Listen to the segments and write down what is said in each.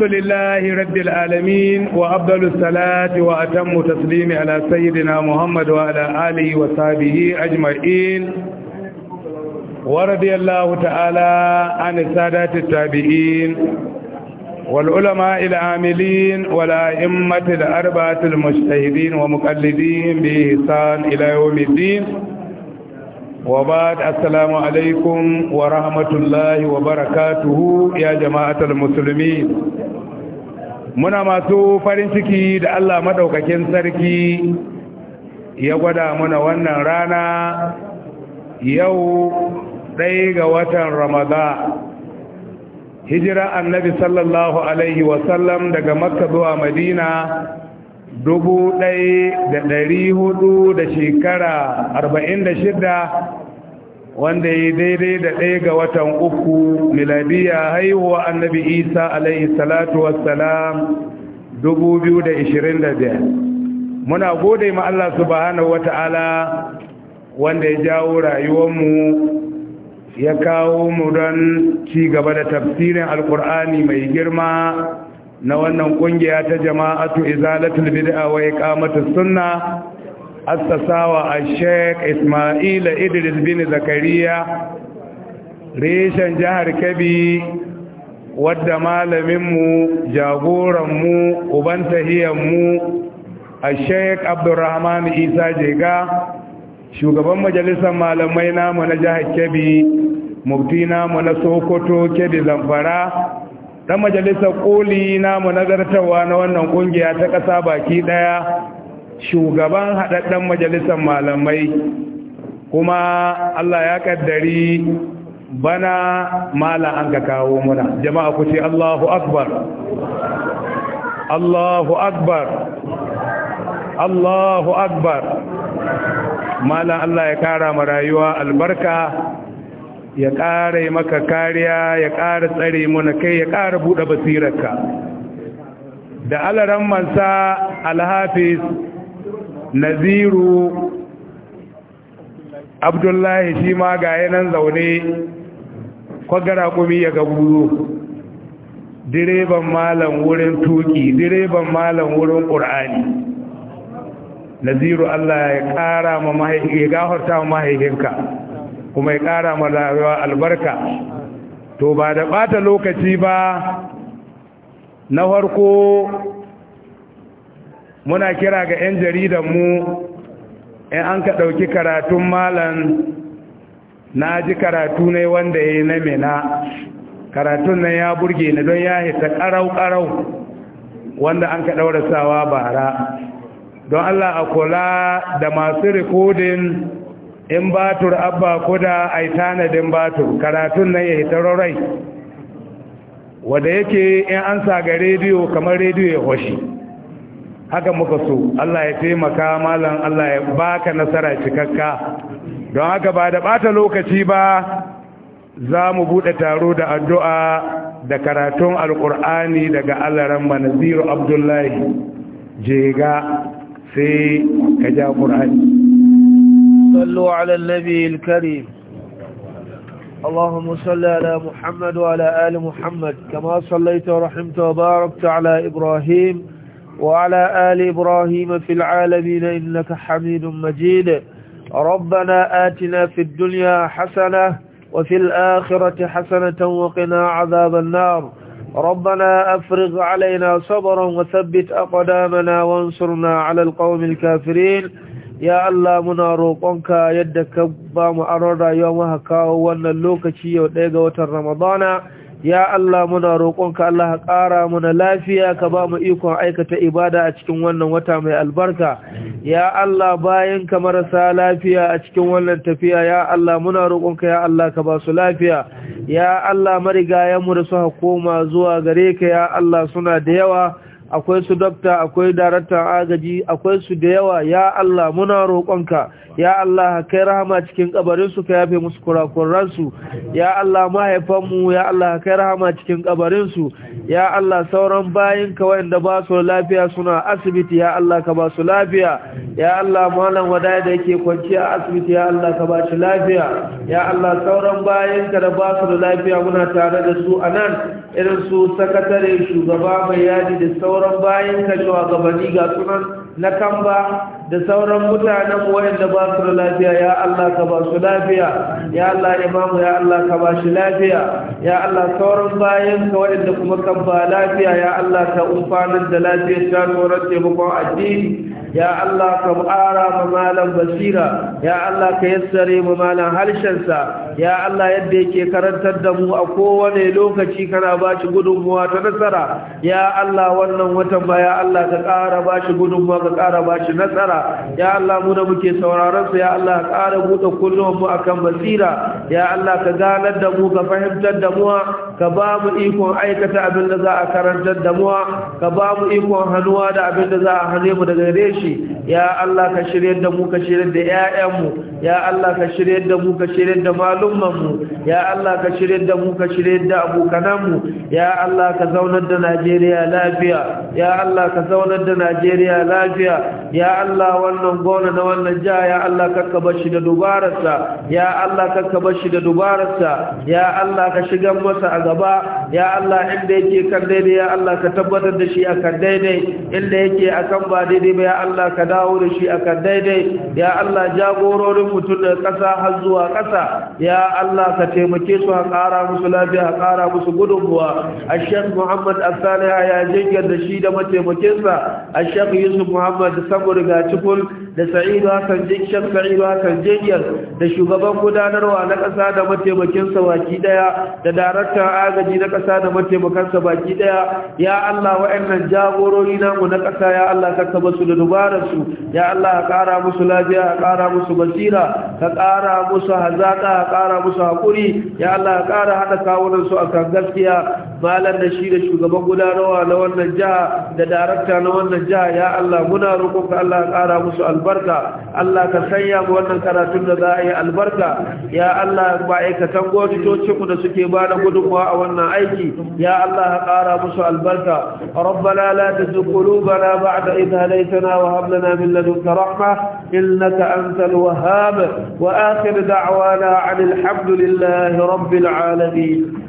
الحمد لله رب العالمين وأفضل الصلاة وأتم تسليم على سيدنا محمد وعلى آله وصحبه أجمعين ورضي الله تعالى عن السادات التابعين والعلماء العاملين والأئمة الأربعة المجتهدين ومقلدين بإحسان إلى يوم الدين وبعد السلام wa ورحمة wa وبركاته ya jama'atar musulmi? muna masu farin ciki da Allah maɗaukakin sarki ya gwada muna wannan rana yau ɗaya ga watan Ramadan hijira annabi sallallahu alaihi wasallam daga makka zuwa madina dubu ɗaya da ɗari hudu da shekara arba'in da shida wanda ya daidai da ɗaya ga watan uku miladiya haihuwa annabi isa alaihi salatu wassalam dubu biyu da ishirin da biyar muna gode ma Allah subhanahu ta'ala wanda ya jawo mu ya kawo mu don ci gaba da tafsirin alkur'ani mai girma na wannan kungiya ta jama'atu izalatul bid'a wa iqamatus sunna assasawa al-sheikh Isma'il Idris bin Zakariya reshen jihar Kabi wadda malaminmu jagoranmu uban tahiyanmu al-sheikh Abdurrahman Isa Jega shugaban majalisar malamai namu na jihar Kebbi mubtina mu na Sokoto Kebbi Zamfara ta majalisar koli namu nazartarwa na wannan kungiya ta ƙasa baki ɗaya shugaban haɗaɗɗen majalisar malamai kuma Allah ya ƙaddari bana mala an ka kawo muna jama'a ku ce Allahu akbar Allahu akbar Allahu akbar mala Allah ya kara ma rayuwa albarka ya ƙara maka kariya ya ƙara tsare muna kai ya ƙara buɗe basirarka da alaran mansa Alhafis, naziru abdullahi shi ma ga yanan zaune kwagara kumi ya gabu direban malam wurin tuki direban malam wurin ƙur'ani naziru allah ya ƙara ma mahaifinka gafarta ma mahaifinka kuma ya ƙara ma albarka to ba da ɓata lokaci ba na farko muna kira ga 'yan mu in an ka ɗauki karatun malan na ji karatu ne wanda ya yi na mena karatun nan ya burge ni don ya hita ƙarau-ƙarau wanda an ka bara don allah a kula da masu rikodin in batur abba kuda a yi tanadin batur karatun nan ya hitar rai wadda yake in an saga rediyo kamar rediyo ya hoshi haka muka so Allah ya taimaka malam Allah ya baka nasara cikakka don haka ba da bata lokaci ba za mu buɗe taro da addu'a da karatun alƙur'ani daga allaran manaziru abdullahi jega sai ka ja ƙur'ani صلوا على النبي الكريم اللهم صل على محمد وعلى آل محمد كما صليت ورحمت وباركت على إبراهيم وعلى آل إبراهيم في العالمين إنك حميد مجيد ربنا آتنا في الدنيا حسنة وفي الآخرة حسنة وقنا عذاب النار ربنا أفرغ علينا صبرا وثبت أقدامنا وانصرنا على القوم الكافرين ya Allah muna roƙonka yadda ka ba mu aron rayuwa muka kawo wannan lokaci yau ɗaya ga watan Ramadana ya Allah muna roƙonka Allah ka ƙara muna lafiya ka ba mu ikon aikata ibada a cikin wannan wata mai albarka ya Allah bayan ka marasa lafiya a cikin wannan tafiya ya Allah muna roƙonka ya Allah ka ba su lafiya ya Allah marigayen mu da suka koma zuwa gare ka ya Allah suna da yawa akwai su dokta akwai daraktan agaji akwai su da yawa ya Allah muna roƙonka ya Allah kai rahama cikin kabarin su ka yafe musu kurakuran su ya Allah mahaifan mu ya Allah kai rahama cikin kabarin su ya Allah sauran bayin ka wanda ba su lafiya suna asibiti ya Allah ka ba su lafiya ya Allah mallan wadai da yake kwanci a asibiti ya Allah ka ba shi lafiya ya Allah sauran bayin ka da ba su da lafiya muna tare da su anan irin su sakatare shugaba mai yadi da sauran sauran bayan ka gabani ga sunan na kamba da sauran mutanen waɗanda ba su da lafiya ya Allah ka ba su lafiya ya Allah imamu ya Allah ka ba shi lafiya ya Allah sauran bayan ka wayanda kuma kan ba lafiya ya Allah ka umfanar da lafiyar ta tsoron taimakon addini ya Allah ka ƙara ma malam basira ya Allah ka yassare ma malam harshensa ya Allah yadda yake karantar da mu a kowane lokaci kana ba shi gudunmuwa ta nasara ya Allah wannan watan ba ya Allah ka ƙara ba shi gudunmuwa ka ƙara ba shi nasara ya Allah mu da muke sauraron sa ya Allah ka ƙara buɗe kullum mu akan basira ya Allah ka ganar da mu ka fahimtar da mu ka ba mu ikon aikata abin da za a karantar da muwa ka ba mu ikon hannuwa da abin da za a hane mu daga gare shi ya Allah ka shiryar da mu ka shiryar da ƴaƴanmu ya Allah ka shiryar da mu ka shiryar da malummanmu ya Allah ka shiryar da mu ka shiryar da abokananmu ya Allah ka zaunar da Najeriya lafiya ya Allah ka zaunar da Najeriya lafiya ya Allah wannan gona na wannan jiha ya Allah kakka bar shi da dubararsa ya Allah kakka bar shi da dubararsa ya Allah ka shigar masa gaba ya Allah inda yake kan daidai ya Allah ka tabbatar da shi akan daidai inda yake akan ba daidai ba ya Allah ka dawo da shi akan daidai ya Allah jagororin mutum da ƙasa har zuwa ƙasa ya Allah ka taimake su a ƙara musu lafiya a ƙara musu gudunmuwa a shek muhammad asaliha ya jinyar da shi da mataimakinsa a shek yusuf muhammad saboda ga cikul da sa'idu hakan jikin sa'idu hakan jiyar da shugaban gudanarwa na ƙasa da mataimakinsa baki daya da daraktan agaji na ƙasa da mataimakansa baki daya ya Allah wa'annan jagorori namu na ƙasa ya Allah ka kaba da dubararsu ya Allah ka ƙara musu lafiya ka ƙara musu basira ka ƙara musu hazaka ka ƙara musu haƙuri ya Allah ka ƙara haɗa kawunansu a kan gaskiya malam da shi da shugaban gudanarwa na wannan jiha da darakta na wannan jiha ya Allah muna roƙonka Allah ka ƙara musu al albarka Allah ka sanya mu wannan karatun da za a yi albarka ya Allah ma'aikatan gwamnatocinmu da suke ba da gudunmawa a wannan aiki ya Allah ka ƙara musu albarka rabbana la tuzigh qulubana ba'da idh hadaytana wa hab lana min ladunka rahma innaka antal wahhab wa akhir da'wana 'anil hamdulillahi rabbil alamin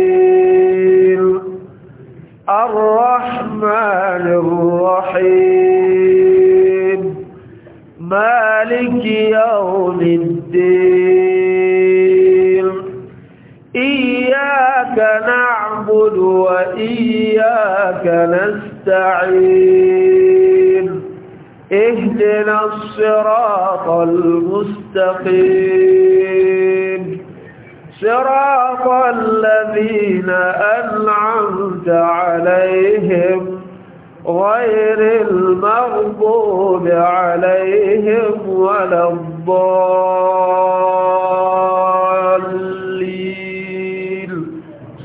مالك يوم الدين إياك نعبد وإياك نستعين اهدنا الصراط المستقيم صراط الذين أنعمت عليهم غير المغضوب عليهم ولا الضالين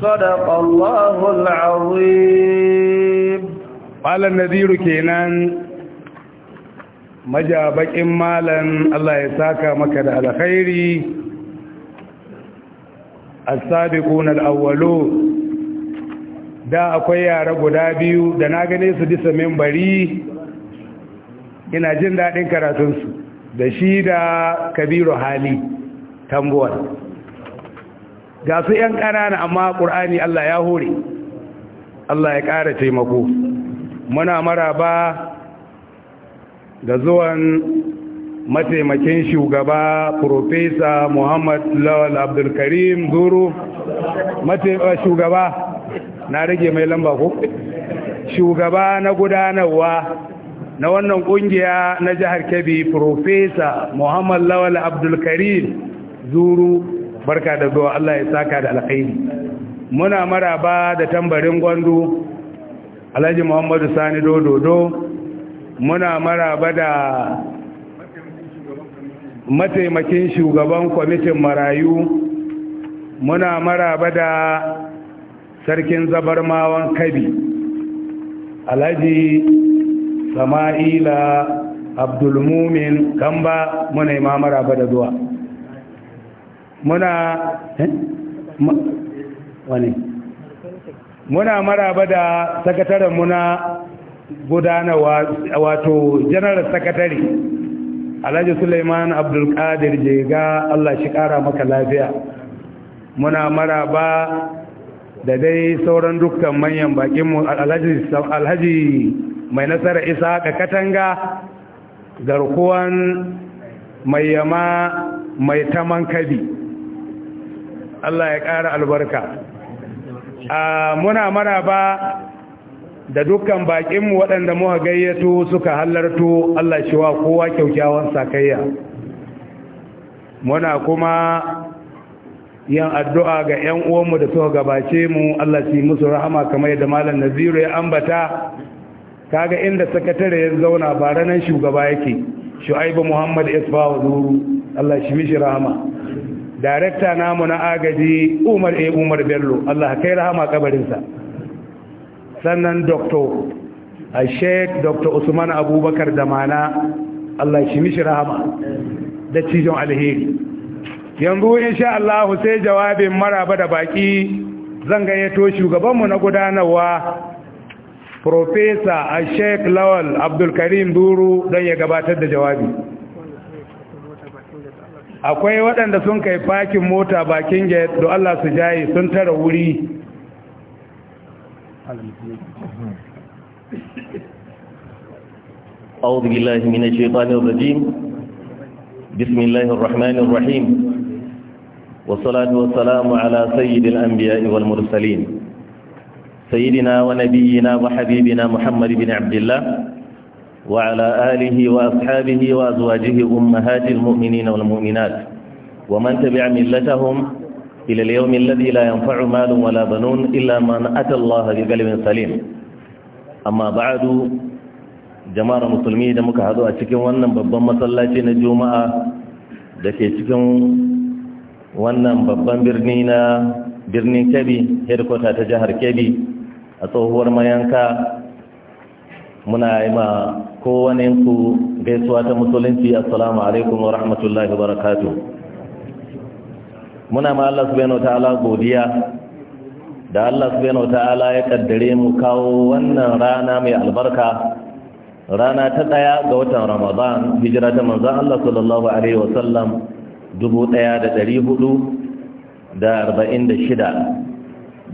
صدق الله العظيم قال النذير كينان مجابكم إمالا الله يساك مكد على خيري السابقون الأولون da akwai yara guda biyu da na gane su disa membari ina jin daɗin karatunsu da shi da kabiru hali tambuwan. ga su 'yan ƙanana amma ƙur'ani Allah ya hore Allah ya ƙara taimako muna maraba da zuwan mataimakin shugaba Profesa Muhammad Lawal Abdulkarim Zuru shugaba na rage mai lamba ko shugaba na gudanarwa na wannan kungiya na jihar Kebbi Profesa Muhammad Lawal Abdul Zuru barka da zuwa Allah ya saka da alkhairi muna maraba da tambarin gwandu Alhaji Muhammadu Sani Dododo muna maraba da mataimakin shugaban kwamitin marayu muna maraba da sarkin zabarmawan kabi alhaji sama'ila abdulmumin ba muna yi mamara ba da zuwa muna eh, wani muna maraba da sakataren muna gudana wato janar sakatare, alhaji suleiman abdulkadir jega allah shi kara maka lafiya muna maraba da dai sauran dukkan manyan bakinmu alhaji mai nasara isa ga katanga garkuwan mai yama mai taman kabi Allah ya ƙara albarka muna ba da dukkan bakinmu waɗanda muka gayyato suka halarto Allah shi wa kowa kyaukyawan sakayya muna kuma Yan addu'a ga ‘yan uwanmu da suka gabace mu Allah ci musu rahama kamar yadda Malam Naziru ya ambata, kaga inda sakatare ya zauna ba ranar shugaba yake, Shu'aibu Muhammad Isfawa Zuru, Allah shi mishi rahama. director namu na agaji Umar A. Umar Bello, Allah kai rahama kabarinsa. Sannan doctor a Sheikh Dr. Usman Abubakar Damana, Allah shi mishi rahama, da cijon alheri. yanzu insha Allah sai jawabin maraba da baki zan gayyato shugabanmu na gudanarwa Profesa a Sheikh Lawal Abdulkarim Duru don ya gabatar da jawabi. Akwai waɗanda sun kai fakin mota bakin gate do Allah su jaye sun tara wuri. أعوذ بالله من الشيطان الرجيم بسم الله الرحمن الرحيم والصلاة والسلام على سيد الأنبياء والمرسلين سيدنا ونبينا وحبيبنا محمد بن عبد الله وعلى آله وأصحابه وأزواجه أمهات المؤمنين والمؤمنات ومن تبع ملتهم إلى اليوم الذي لا ينفع مال ولا بنون إلا من أتى الله بقلب سليم أما بعد jama'ar musulmi da muka hadu a cikin wannan babban masallaci na juma'a da ke cikin wannan babban birni na birnin kebi headquarter ta jihar kebi a tsohuwar mayanka muna yi ma kowaninku gaisuwa ta musulunci assalamu alaikum wa rahmatullahi wa barakatu muna ma Allah subhanahu ta'ala godiya da Allah subhanahu ta'ala ya kaddare mu kawo wannan rana mai albarka rana ta daya ga watan Ramadan hijira ta manzan Allah sallallahu alaihi wa Dubu ɗaya da da da ɗari arba'in shida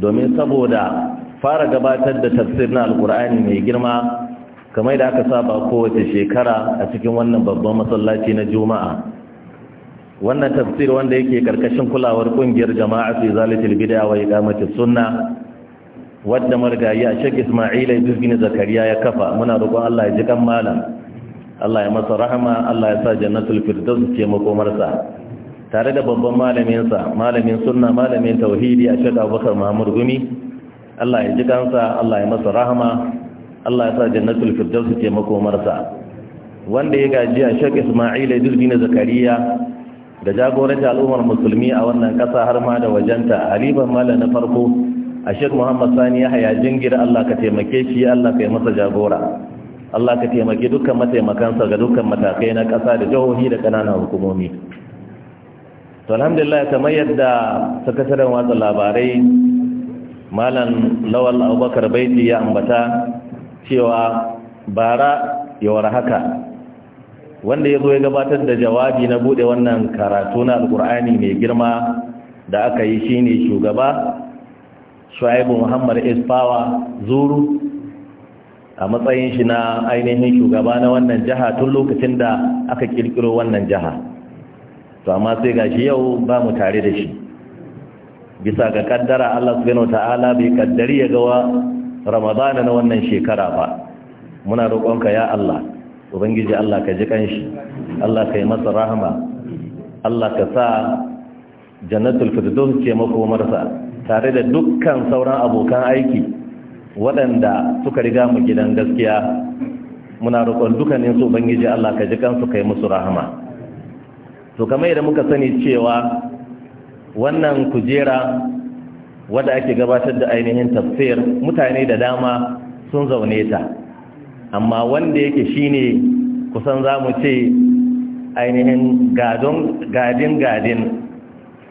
domin saboda fara gabatar da tafsir na alkur'ani mai girma kamar da aka saba kowace shekara a cikin wannan babban masallaci na juma'a wannan tafsir wanda yake karkashin kulawar ƙungiyar jama'a fi zalatul bid'a wa iqamatis sunna wadda margayi a Sheikh Isma'il Ibn Zakariya ya kafa muna roƙon Allah ya ji kan malam Allah ya masa rahama Allah ya sa jannatul firdaus ce makomarsa tare da babban malaminsa malamin sunna malamin tauhidi a shaɗa bakar muhammad gumi Allah ya ji kansa Allah ya masa rahama Allah ya sa jannatul firdaus ce makomarsa wanda ya gaji a shaƙ ismaila na zakariya da jagoranci al'ummar musulmi a wannan ƙasa har ma da wajenta haliban malam na farko a shaƙ muhammad sani ya haya jingira Allah ka taimake shi Allah ka yi masa jagora Allah ka taimake dukkan mataimakansa ga dukkan matakai na ƙasa da jihohi da ƙananan hukumomi to alhamdulillah kamar yadda sakataren watsa labarai malam lawal abubakar baiti ya ambata cewa bara yawar haka wanda ya zo ya gabatar da jawabi na bude wannan karatu na alkur'ani mai girma da aka yi shi ne shugaba shu'aibu muhammad isfawa zuru a matsayin shi na ainihin shugaba na wannan jiha tun lokacin da aka kirkiro wannan jiha to amma sai gashi yau ba mu tare da shi bisa ga kaddara Allah subhanahu ta'ala bai kaddari ya gawa ramadana na wannan shekara ba muna roƙonka ya Allah ubangiji Allah ka ji kanshi Allah ka yi masa rahama Allah ka sa jannatul firdaus ce makomarsa tare da dukkan sauran abokan aiki waɗanda suka riga mu gidan gaskiya muna roƙon dukkanin su ubangiji Allah ka ji kansu kai musu rahama to kamar yadda muka sani cewa wannan kujera wadda ake gabatar da ainihin tafsir mutane da dama sun zaune ta amma wanda yake shine kusan za mu ce ainihin gadin-gadin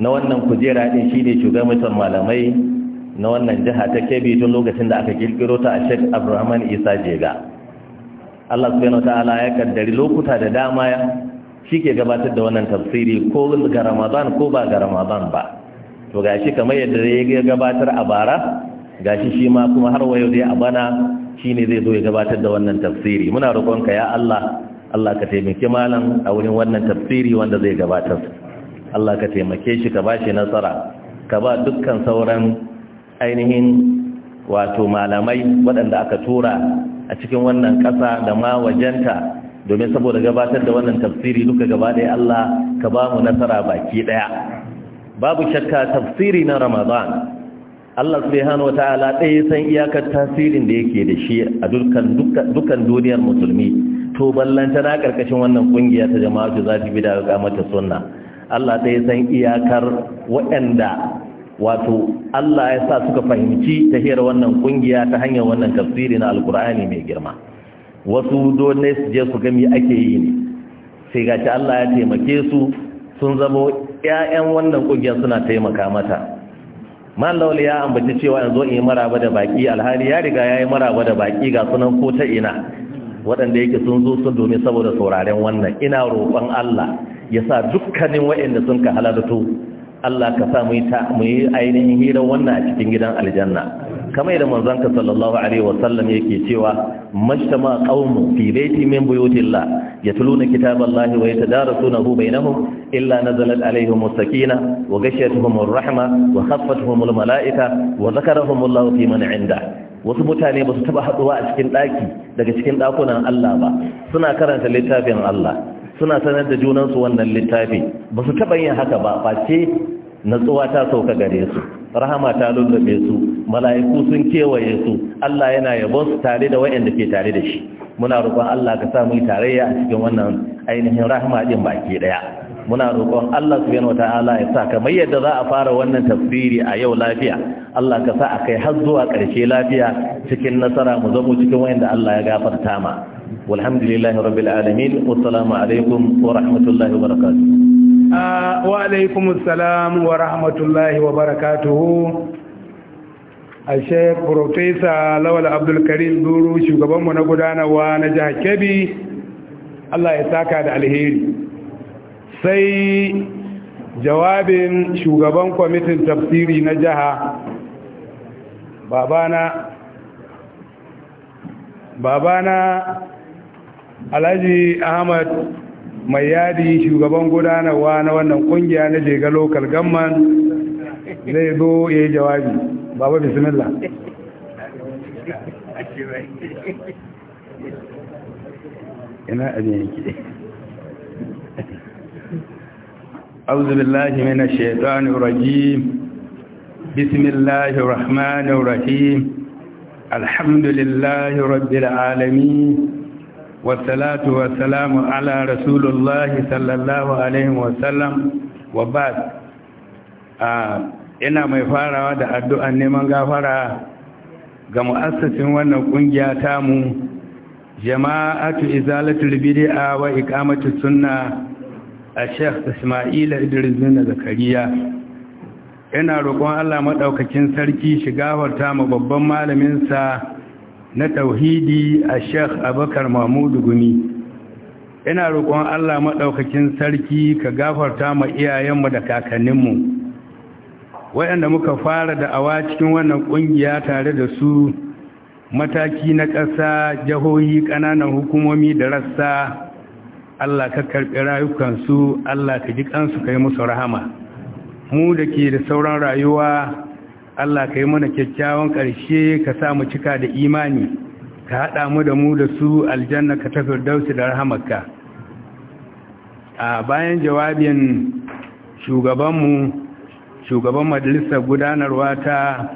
na wannan kujera ɗin shine ne shugabantar malamai na wannan jiha ta kebi tun lokacin da aka kirkiro ta a shek abrahaman isa jega allah subhanahu wa ta'ala ya kaddari lokuta da dama shi ke gabatar da wannan tafsiri ko ga ramadan ko ba ga ramadan ba to gashi kamar yadda ya gabatar a bara gashi shi ma kuma har wayo dai a bana ne zai zo ya gabatar da wannan tafsiri muna roƙonka ya Allah Allah ka taimake malam a wurin wannan tafsiri wanda zai gabatar Allah ka taimake shi ka bashi nasara ka ba dukkan sauran ainihin wato malamai waɗanda aka tura a cikin wannan ƙasa da ma wajenta domin saboda gabatar da wannan tafsiri duka gaba ɗaya Allah ka ba mu nasara baki ɗaya babu shakka tafsiri na ramadan Allah subhanahu wata'ala ɗaya san iyakar tasirin da yake da shi a dukkan duniyar musulmi to ballanta na karkashin wannan ƙungiya ta jama'atu za ta bi da ga mata sunna Allah ɗaya san iyakar waɗanda wato Allah ya sa suka fahimci ta hiyar wannan ƙungiya ta hanyar wannan tafsiri na alkur'ani mai girma wasu dole su je su gami ake yi ne sai gashi Allah ya taimake su sun zamo ƴaƴan wannan ƙungiyar suna taimaka mata mallawli ya ambaci cewa yanzu in yi maraba da baki alhali ya riga ya yi maraba da baki ga sunan ko ta ina waɗanda yake sun zo sun domin saboda sauraren wannan ina roƙon Allah ya sa dukkanin waɗanda sun ka halarto Allah ka sa mu yi ainihin hirar wannan a cikin gidan aljanna kamar da manzanka ka sallallahu alaihi wa sallam yake cewa majtama qaumu fi baiti min buyutillah yatluna kitaballahi wa yatadarasunahu bainahum illa nazalat alaihim as-sakina wa ghashiyatuhum ar-rahma wa khaffatuhum al-mala'ika wa dhakarahum Allahu fi man 'inda wasu mutane ba su taba haduwa a cikin daki daga cikin dakunan Allah ba suna karanta littafin Allah suna sanar da junansu wannan littafi ba su taɓa yin haka ba face natsuwa ta sauka gare su rahama ta lullube su mala'iku sun kewaye su Allah yana yabon su tare da waɗanda ke tare da shi muna roƙon Allah ka sa mu tarayya a cikin wannan ainihin rahama din baki daya muna roƙon Allah subhanahu wataala ya sa kamar yadda za a fara wannan tafsiri a yau lafiya Allah ka sa akai har zuwa ƙarshe lafiya cikin nasara mu zama cikin waɗanda Allah ya gafarta ma walhamdulillahi rabbil alamin wassalamu alaikum wa rahmatullahi wa barakatuh Uh, wa alaikum salam wa rahmatullahi wa barakatuhu a sheik profesa lawal abdulkarim duru shugabanmu na gudanarwa na jihar kebbi allah ya saka da alheri sai jawabin shugaban kwamitin tafsiri na jiha babana babana alhaji ahmad mai yadi shugaban gudanarwa na wannan kungiya na jega local government zai zo ya yi jawabi baba bismillah ina abin yake auzubillahi mina shaitanin rajim bismillahi rahmanin rahim alhamdulillahi rabbi da alamin Wasalatu wasalamu ala rasulullahi sallallahu alaihi الله عليه وسلم ina mai farawa da addu'an neman gafara ga mu'assasin wannan ƙungiya mu. jama'atu izalatul bid'a wa iqamatu sunna a Sheikh Isma'ila Idris bin Zakariya ina roƙon Allah madaukakin sarki shiga warta mu babban malamin sa na tauhidi a sheikh abakar mahmudu gumi ina roƙon allah maɗaukakin sarki ka gafarta ma iyayenmu da kakanninmu waɗanda muka fara da awa cikin wannan ƙungiya tare da su mataki na ƙasa jihohi ƙananan hukumomi da rassa allah ka karɓi rayukansu allah ka ji kansu ka yi musu rahama mu da ke da sauran rayuwa Allah ka yi mana kyakkyawan ƙarshe ka sa mu cika da imani ka haɗa mu da mu da su aljanna ka da firdausi da rahamarka a bayan jawabin shugabanmu shugaban majalisar gudanarwa ta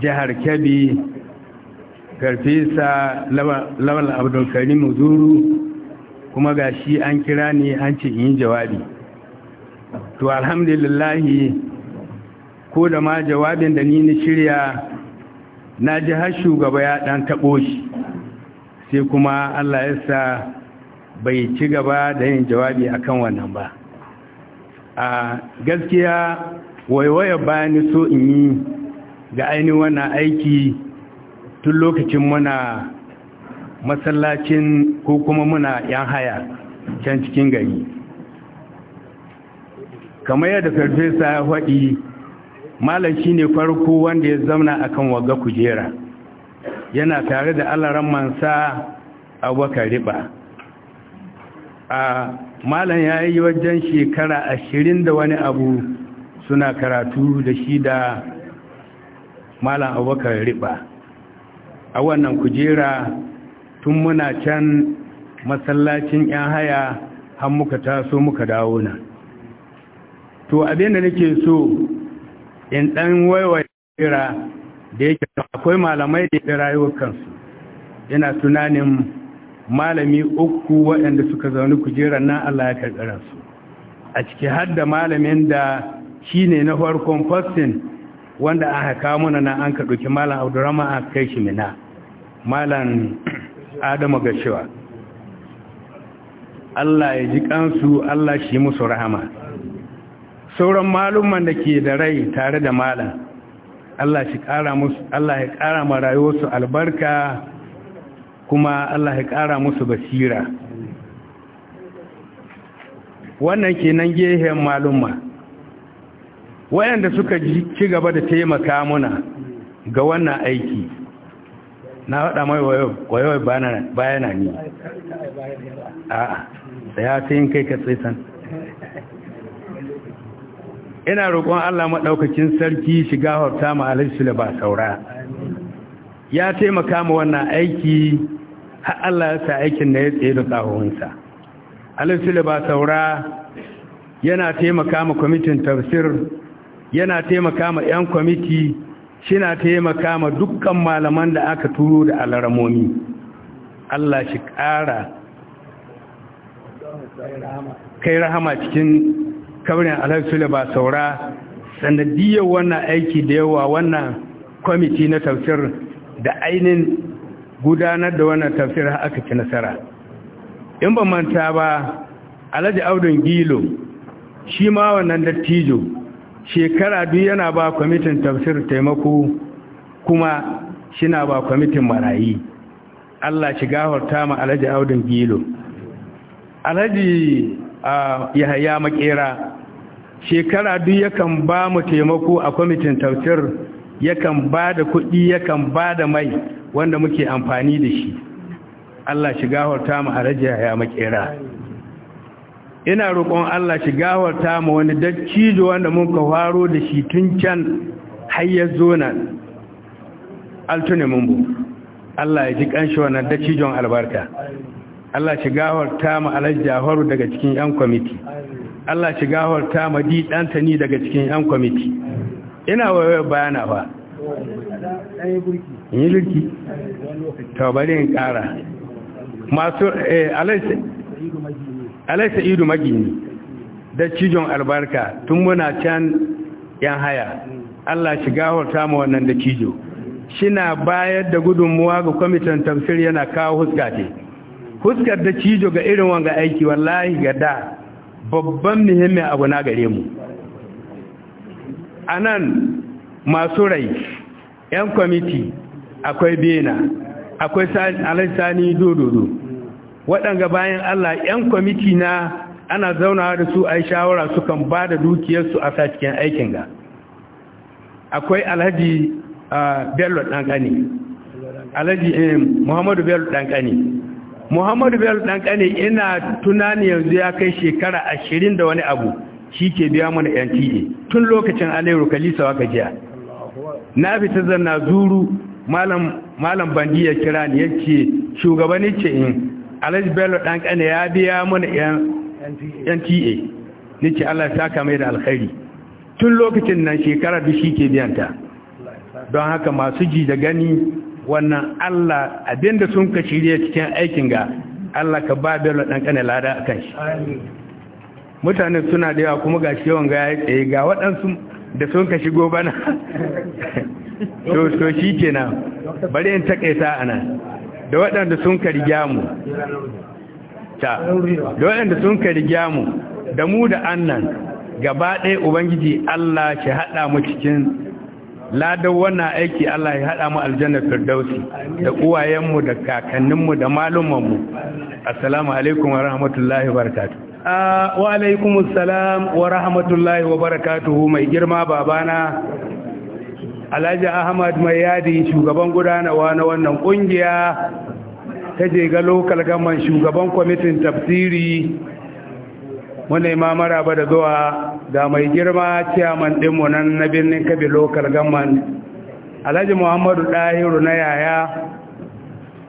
jihar kebbi karfesa lawal abdulkarim zuru kuma ga shi an kira ne an ce in yi jawabi to alhamdulillahi ko da ma jawabin da ni na shirya na ji har shugaba ya ɗan taɓo shi sai kuma Allah ya sa bai ci gaba da yin jawabi akan wannan ba a gaskiya waiwaya bayani so in yi ga ainihin wannan aiki tun lokacin muna masallacin ko kuma muna yan haya can cikin gari kamar yadda farfesa ya faɗi malam shi ne farko wanda ya zauna akan waga kujera yana tare da alaran mansa waka riba a malam ya yi wajen shekara ashirin da wani abu suna karatu da shi da malam abubakar riba a wannan kujera tun muna can masallacin yan haya har muka taso muka dawo na to abinda nake so in ɗan waiwai tsira da yake akwai malamai da ya rayuwar kansu ina tunanin malami uku waɗanda suka zaune kujerar nan Allah ya karɓi su a ciki har da malamin da shi ne na farkon fastin wanda aka kawo mana na an ka ɗauki malam abdurrahman a kai shi mina malam adamu gashewa Allah ya ji kansu Allah shi musu rahama sauran malumman da ke da rai tare da malam Allah shi ƙara musu Allah ya ƙara ma rayuwarsu albarka kuma Allah ya ƙara musu basira wannan ke nan gehen malumma wayanda suka ci gaba da taimaka muna ga wannan aiki na wada mai wayo bayana ne ni. A'a, sai kai ka tsaitan ina roƙon Allah maɗaukakin sarki shiga hauta ma alaihi ba saura ya taimaka ma wannan aiki har Allah ya sa aikin da ya tsaye da tsawonsa alaihi ba saura yana taimaka ma kwamitin tafsir yana taimaka ma 'yan kwamiti shina taimaka ma dukkan malaman da aka turo da alaramomi Allah shi ƙara kai rahama cikin kabarin alhaji ba saura sanadiyar wannan aiki da yawa wannan kwamiti na tafsir da ainihin gudanar da wannan tafsir aka ci nasara in ba manta ba alhaji audun gilo shi ma wannan dattijo shekara duk yana ba kwamitin tafsir taimako kuma shina ba kwamitin marayi Allah shiga gafarta ma alhaji audun gilo alhaji yahaya makera shekara duk yakan ba mu taimako a kwamitin tafsir yakan ba da kuɗi yakan ba da mai wanda muke amfani da shi Allah shiga gawarta mu haraji ya makera ina roƙon Allah shiga gawarta mu wani dattijo wanda mun ka faro da shi tun can har ya zo nan altune mun bu Allah ya ji kanshi wannan dattijon albarka Allah shi gawarta ma Alhaji Jafaru daga cikin ƴan kwamiti Allah shi gawarta ma Di Dantani daga cikin ƴan kwamiti ina waye bayana ba. fa yi burki. ta bari in ƙara. masu eh, Sa'idu idu magini da cijon albarka tun muna can ƴan haya Allah shi gawarta ma wannan da cijo shina bayar da gudunmuwa ga kwamitin tafsir yana kawo huska ce huskar da cijo ga irin wanga aiki wallahi ga da babban muhimmi abu na gare mu a nan masu rai 'yan kwamiti akwai bena akwai alaisani dododo waɗanga bayan allah 'yan kwamiti na ana zaunawa da su a yi shawara sukan ba da dukiyarsu a sa cikin aikin ga akwai alhaji ah, bello ɗanƙani alhaji eh, muhammadu bello ɗanƙani muhammadu bello ɗanƙane ina tunani yanzu ya kai shekara ashirin da wani abu shi ke biya mana nta tun lokacin alayyar kalisa waka jiya na fita zanna zuru malam bandi ya kira ni ya ce shugabanni ce in alhaji bello ɗanƙane ya biya mana nta ni ce allah ta mai da alkhairi tun lokacin nan shekara da shi ke biyanta don haka masu ji da gani wannan Allah abinda sun ka shirye cikin aikin ga Allah ka ba bello dan kane lada akan shi mutane suna da yawa kuma gashi yawan ga ya tsaye ga waɗansu da sun ka shigo bana to to kenan bari in takaita ana da waɗanda sun ka riga mu ta da waɗanda sun ka riga mu da mu da annan gaba ɗaya ubangiji Allah shi haɗa mu cikin ladan wannan aiki Allah ya haɗa mu aljanna firdausi da uwayenmu da kakanninmu da malumanmu assalamu alaikum wa rahmatullahi wa barakatuh wa alaikum assalam wa rahmatullahi wa barakatuh mai girma babana Alhaji Ahmad mai yadi shugaban gudanarwa na wannan kungiya ta je ga local government shugaban kwamitin tafsiri muna ma ba da zuwa da mai girma ciyaman ɗinmu nan na birnin kabe lokar alhaji muhammadu ɗahiru na yaya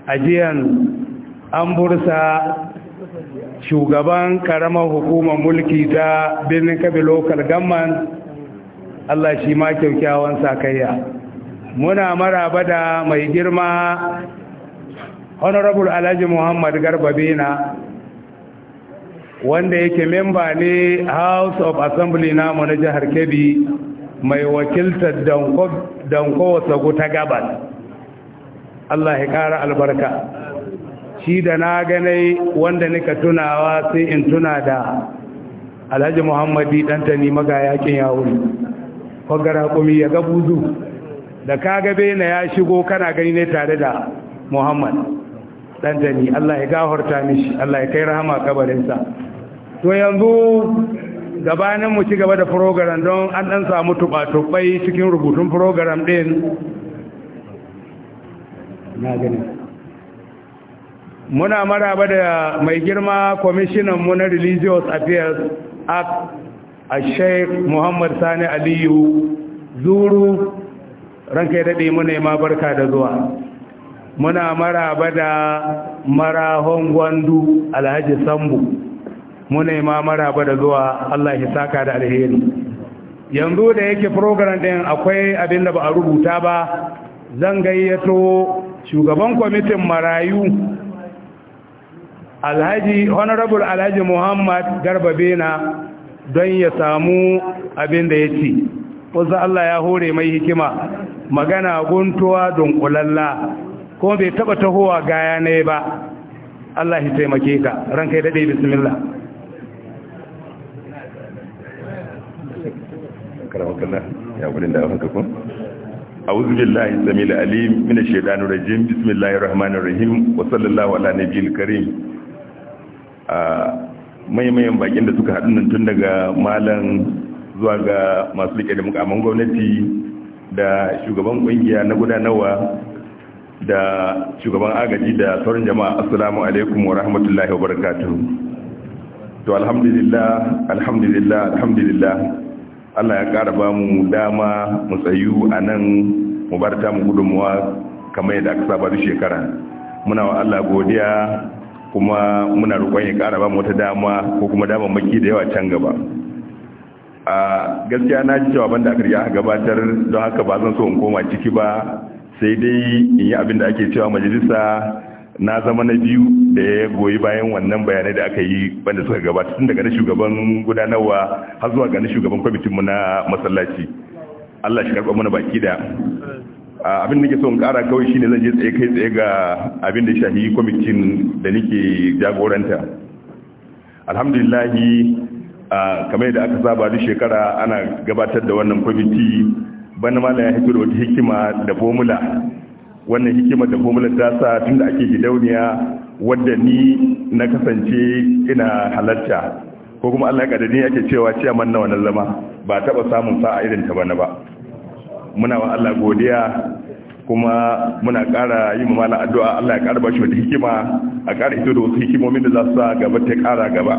ajiyan an bursa shugaban karamar hukumar mulki ta birnin kabe lokar allah shi ma kyaukyawan sakayya muna maraba da mai girma honorable alhaji muhammad garbabina wanda yake memba ne house of assembly namu na jihar kebbi mai wakiltar dankowa sagu ta gabas allah ya kara albarka shi da na ganai wanda nika tunawa sai in tuna da alhaji muhammadi dantani maga yakin yawon kwagara kumi ya buzu? da ka gabe na ya shigo kana gani ne tare da muhammad dantani allah ya gahorta mishi allah ya kai rahama kabarinsa to yanzu gabanin mu ci gaba da program don an dan samu tuba cikin rubutun program din na gani muna maraba da mai girma kwamishinan mu na religious affairs act a Sheikh muhammad sani aliyu zuru ranka ya daɗe mu ma barka da zuwa muna maraba da marahon gwandu alhaji sambu muna ma ba da zuwa Allah ya saka da alheri yanzu da yake program din akwai abin da ba a rubuta ba zan gayyato shugaban kwamitin marayu alhaji honorable alhaji muhammad garba bena don ya samu abin da ya ci wasu Allah ya hore mai hikima magana guntuwa don dunkulalla ko bai taba tahowa gaya ne ba Allah ya taimake ka ranka ya dade bismillah أكرمك الله يا bakin da suka haɗu nan tun daga malam zuwa ga masu rike da mukamman gwamnati da shugaban kungiya na gudanarwa da shugaban agaji da sauran jama'a assalamu alaikum wa rahmatullahi wa barakatuhu to alhamdulillah alhamdulillah alhamdulillah Allah ya ƙara ba mu dama mu tsayu a nan mu bar ta mu gudunmuwa kamar yadda aka saba duk shekara muna wa Allah godiya kuma muna roƙon ya ƙara ba mu wata dama ko kuma dama maki da yawa can gaba a gaskiya na ji cewa banda aka riga aka gabatar don haka ba zan so in koma ciki ba sai dai in yi abin da ake cewa majalisa na zama na biyu da ya goyi bayan wannan bayanai da aka yi banda suka gabata tun daga na shugaban gudanarwa har zuwa ga na shugaban kwamitinmu na masallaci Allah shi karɓa mana baki da abin da ke son ƙara kawai shine zan je tsaye kai tsaye ga abin da shahi kwamitin da nake jagoranta alhamdulillahi kamar da aka saba duk shekara ana gabatar da wannan kwamiti bana mala ya hito da wata hikima da formula wannan hikimar da kuma ta sa tun da ake gidauniya wadda ni na kasance ina halarta ko kuma Allah ya ni ake cewa ciyaman na wannan zama ba taba samun sa'a irin ta bana ba muna wa Allah godiya kuma muna ƙara yi mamala addu'a Allah ya ƙara ba shi wata hikima a ƙara hito da wasu hikimomin da za su sa gaba ta ƙara gaba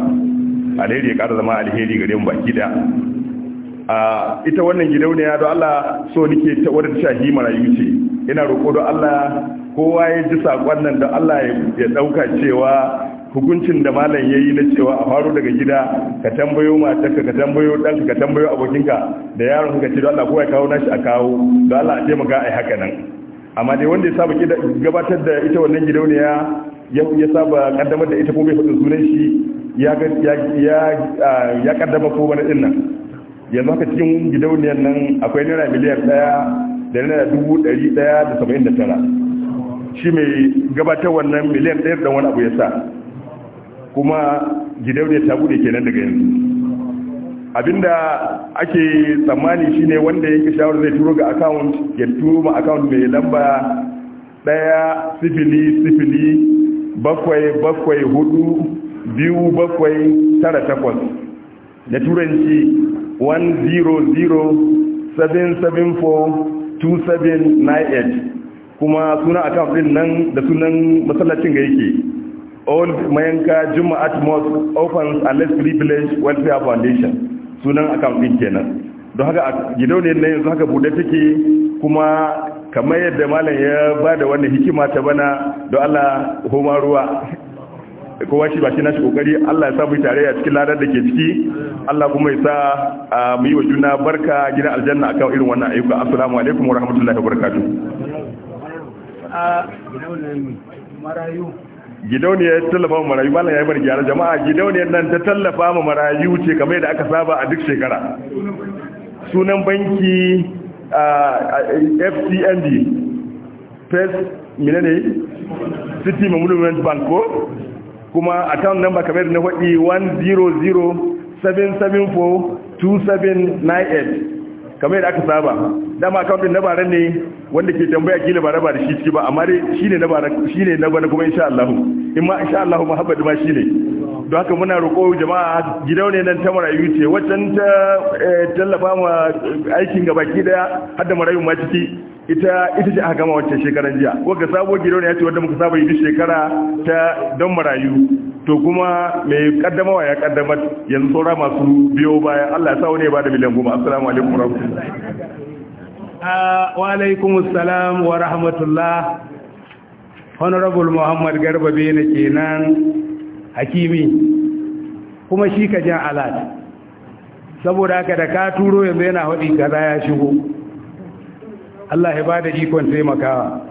alheri ya ƙara zama alheri gare mu baki da ita wannan gidauniya don Allah so nike ta wadda ta shahi marayu ce ina roƙo da Allah kowa ya ji sakon nan da Allah ya ɗauka cewa hukuncin da malam ya yi na cewa a faru daga gida ka tambayo matarka ka tambayo ɗanka ka tambayo abokinka da yaron ka ce da Allah kowa ya kawo nashi a kawo da Allah a taimaka a yi haka nan amma dai wanda ya saba gabatar da ita wannan gidauniya ya saba kaddamar da ita ko bai faɗin sunan shi ya kaddama ko wani ɗin nan yanzu haka cikin gidauniyar nan akwai naira miliyan ɗaya da naira dubu ɗari ɗaya da saba'in da tara shi mai gabatar wannan miliyan ɗaya da wani abu ya sa kuma gidauniyar ta bude kenan daga yanzu abinda ake tsammani shi ne wanda yake shawar zai turo ga akawunt ya turo ma mai lamba ɗaya sifili sifili bakwai bakwai hudu biyu bakwai tara takwas da turanci 4 2798 kuma suna account din nan da sunan masallacin ga yake all mayanka juma'at mosque orphans and less privilege welfare foundation sunan account din kenan don haka gidauniyar na yanzu haka bude take kuma kamar yadda malam ya ba da wannan hikima ta bana don Allah homa ruwa kowa shi ba shi nashi kokari Allah ya sa mu tare a cikin ladar da ke ciki Allah kuma ya sa mu yi wa juna barka gidan aljanna akan irin wannan ayyuka assalamu alaikum wa rahmatullahi wa barakatuh gidauniyar tallafa ma marayu mallan ya bar gyara jama'a gidauniyar nan ta tallafa ma marayu ce kamar yadda aka saba a duk shekara sunan banki FCND first minane city mamudu bank ko kuma account number kamar na hudi 1007742798 kamar da aka saba dama account din na bara ne wanda ke tambaya kila ba raba da shi ciki ba amma dai shine na shine na bana kuma insha Allah in ma insha Allah ma shine don haka muna roƙo jama'a gidaune nan ta marayu ce waccan ta eh, tallafa ma aikin gabaki daya har da marayu ma ciki ita ita ce aka gama wancan shekaran jiya ko ga sabo gido ne ya ce wanda muka saba yi duk shekara ta don marayu to kuma mai kaddamawa ya kaddamar yanzu saura masu biyo baya Allah ya sa wani ya bada miliyan goma assalamu alaikum warahmatullahi ah, wa alaikum assalam wa rahmatullah honorable muhammad garba bene kenan hakimi kuma shi ka jan alat saboda haka da ka turo yanzu yana haɗi kaza ya shigo Allah ya bada ikon taimakawa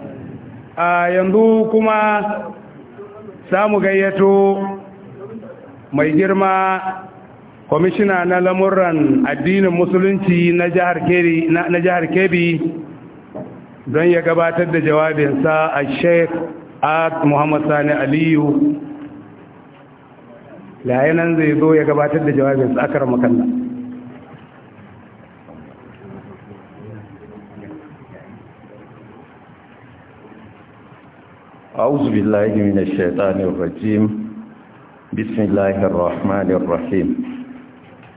a yanzu kuma samu gayyato mai girma kwamishina na lamuran addinin musulunci na jihar kebbi don ya gabatar da jawabinsa a sheikh at muhammad sani aliyu layanan zai zo ya gabatar da jawabinsa akar makalla أعوذ بالله من الشيطان الرجيم بسم الله الرحمن الرحيم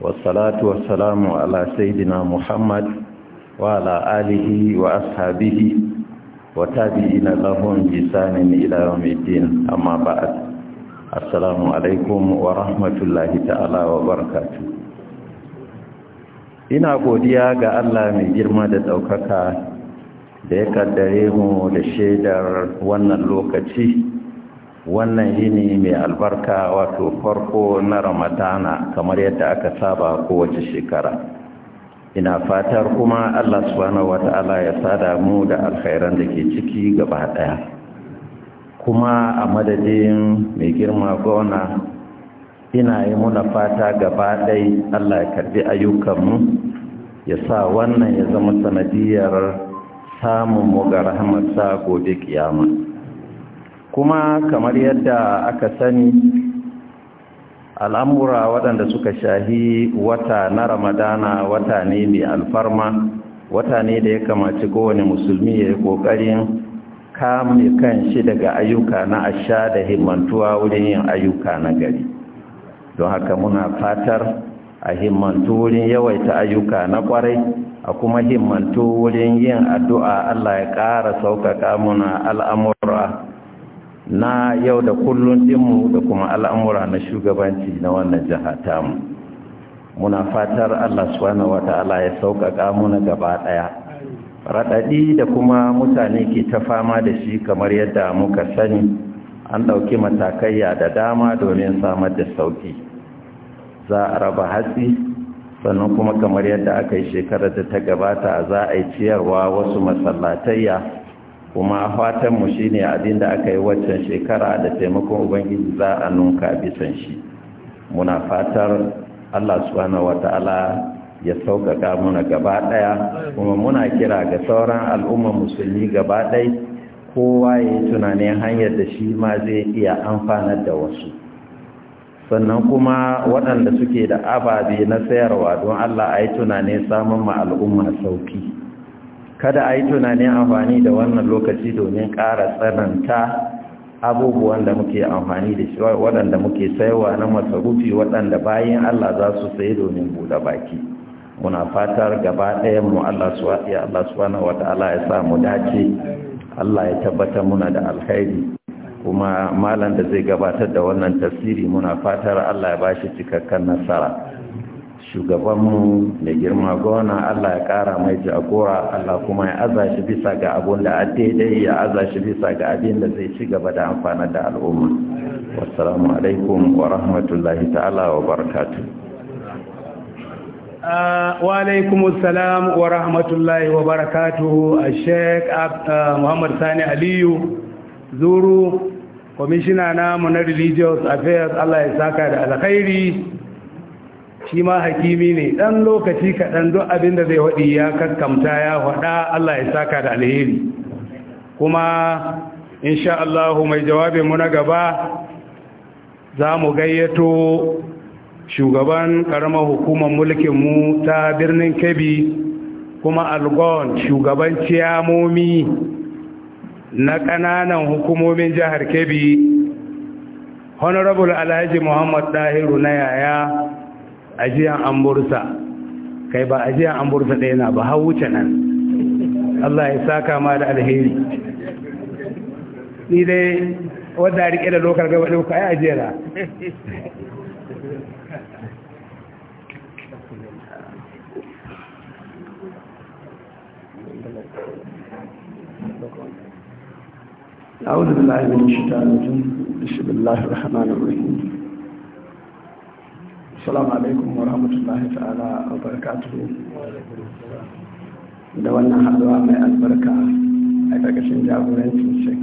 والصلاة والسلام على سيدنا محمد وعلى آله وأصحابه وتابعين لهم جسان إلى يوم الدين أما بعد السلام عليكم ورحمة الله تعالى وبركاته ina godiya ga Allah mai girma da ɗaukaka da ya kaddare mu da shaidar wannan lokaci wannan yini mai albarka wato farko na ramadana kamar yadda aka saba kowace shekara ina fatar kuma allah subhanahu wata'ala ya sada mu da alkhairan da ke ciki gaba daya kuma a madadin mai girma gona ina yi muna fata gaba daya allah ya karbi ayyukanmu ya sa wannan ya zama sanadiyar samun mu ga gobe kiyama kuma kamar yadda aka sani al'amura waɗanda suka shahi wata na ramadana wata ne mai alfarma wata ne da ya kamaci kowane musulmi ya yi ƙoƙarin kame kan shi daga ayyuka na asha da himmantuwa wurin yin ayyuka na gari don haka muna fatar a himmantu wurin yawaita ayyuka na ƙwarai a kuma himmantu wurin yin addu'a Allah ya ƙara sauƙaƙa muna al'amura na yau da kullum ɗinmu da kuma al'amura na shugabanci na wannan jihata mu. Muna fatar Allah wani wata Allah ya sauƙaƙa muna gaba ɗaya. Raɗaɗi da kuma mutane ke ta fama da shi kamar yadda muka sani an ɗauki matakaiya da dama domin samar da sauƙi. Za a raba hatsi sannan kuma kamar yadda aka yi shekarar da ta gabata za a yi ciyarwa wasu masallatayya kuma fatanmu shi ne abin da aka yi waccan shekara da taimakon ubangiji za a nunka bisan shi muna fatar allah subhanahu wata'ala ya sauƙaƙa muna gaba ɗaya kuma muna kira ga sauran al'ummar musulmi gaba ɗai kowa ya yi tunanin hanyar da shi ma zai iya amfanar da wasu sannan kuma waɗanda suke da ababe na sayarwa don Allah a yi tunane samun ma al'umma sauki kada a yi tunane amfani da wannan lokaci domin ƙara tsananta abubuwan da muke amfani da shi waɗanda muke sayarwa na masarufi waɗanda bayan Allah za su sayi domin buɗe baki muna fatar gaba ɗayan mu Allah subhanahu wata Allah ya sa mu dace Allah ya tabbatar muna da alkhairi kuma malam da zai gabatar da wannan tasiri, muna fatar Allah ya bashi cikakken nasara shugabanmu da girma gona Allah ya kara mai jagora Allah kuma ya aza shi bisa ga abun da daidai ya aza shi bisa ga abin da zai ci gaba da amfana da al'umma wassalamu alaikum wa rahmatullahi ta'ala wa barakatuh uh, wa alaikum assalam wa rahmatullahi wa barakatuh a sheik uh, muhammad sani aliyu zuru kwamishina namu na religious affairs Allah ya saka da alkhairi shi ma hakimi ne ɗan lokaci kaɗan duk abin da zai waɗi ya kakkamta ya waɗa Allah ya saka da alheri kuma insha Allah mai mu na gaba za mu gayyato shugaban ƙaramar hukumar mulkin mu ta birnin kebbi kuma algon shugaban ciyamomi na ƙananan hukumomin jihar kebbi honorable alhaji muhammad dahiru na yaya ajiyan an bursa kai ba ajiyan an bursa ɗaya na ba har wuce nan allah ya saka ma da alheri ni dai wadda a riƙe da lokar gaba ɗauka ya ajiyar أعوذ بالله من da wannan haɗuwa mai albarka a ƙarƙashin jagorancin shek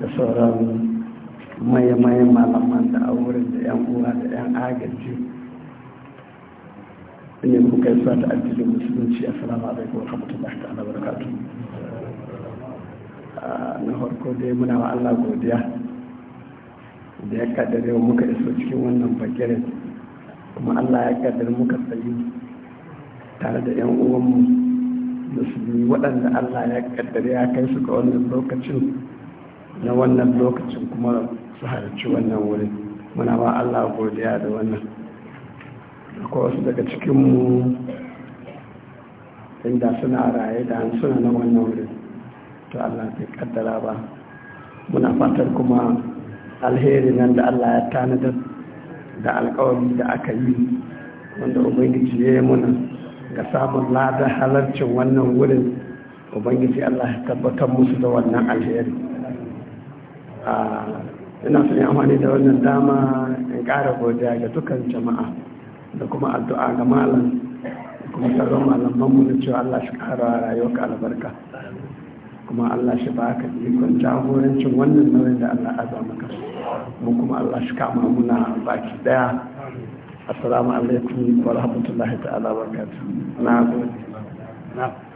da sauran maye-mayen malaman da auren da 'yan uwa da 'yan agaji ne kuka yi sa Ah, na farko dai muna wa Allah godiya da ya kaddare muka iso cikin wannan fakirin kuma Allah ya kaddare muka tsayi tare da 'yan uwanmu yi waɗanda Allah ya kaddare ya kai su ga wannan lokacin na wannan lokacin kuma su halarci wannan wurin muna wa Allah godiya da wannan akwai wasu daga cikinmu inda suna raye da suna na wannan wurin to Allah bai kaddara ba muna fatar kuma alheri nan da Allah ya tanadar da alkawari da aka yi wanda ubangiji ya yi muna ga samun lada halarcin wannan wurin ubangiji Allah ya tabbatar musu da wannan alheri ina son yi amfani da wannan dama in ƙara godiya ga dukkan jama'a da kuma addu'a ga malam kuma malamman mu na cewa Allah shi ƙara rayuwa ka albarka kuma Allah shi ba ka ikon jagorancin wannan nauyin da Allah aza maka mu kuma Allah shi kama muna baki daya assalamu alaikum wa rahmatullahi ta'ala wa na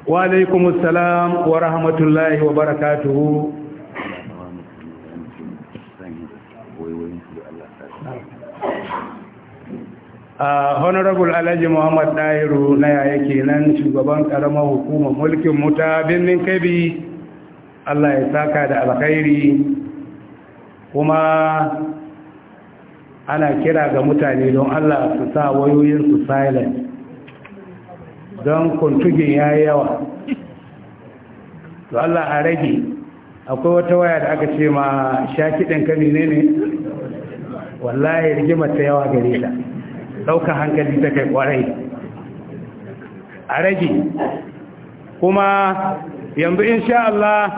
wa alaikum assalam wa rahmatullahi wa barakatuhu Uh, honorable alhaji muhammad dahiru na yaya kenan shugaban karamar hukumar mulkin muta birnin kabi Allah ya saka da alkhairi kuma ana kira ga mutane don Allah su sa wayoyin su silent don kuntugin ya yawa to Allah a rage akwai wata waya da aka ce ma shakiɗin kami ne ne wallahi rigimar ta yawa gare ta ɗaukar hankali ta kai ƙwarai a rage kuma yanzu insha Allah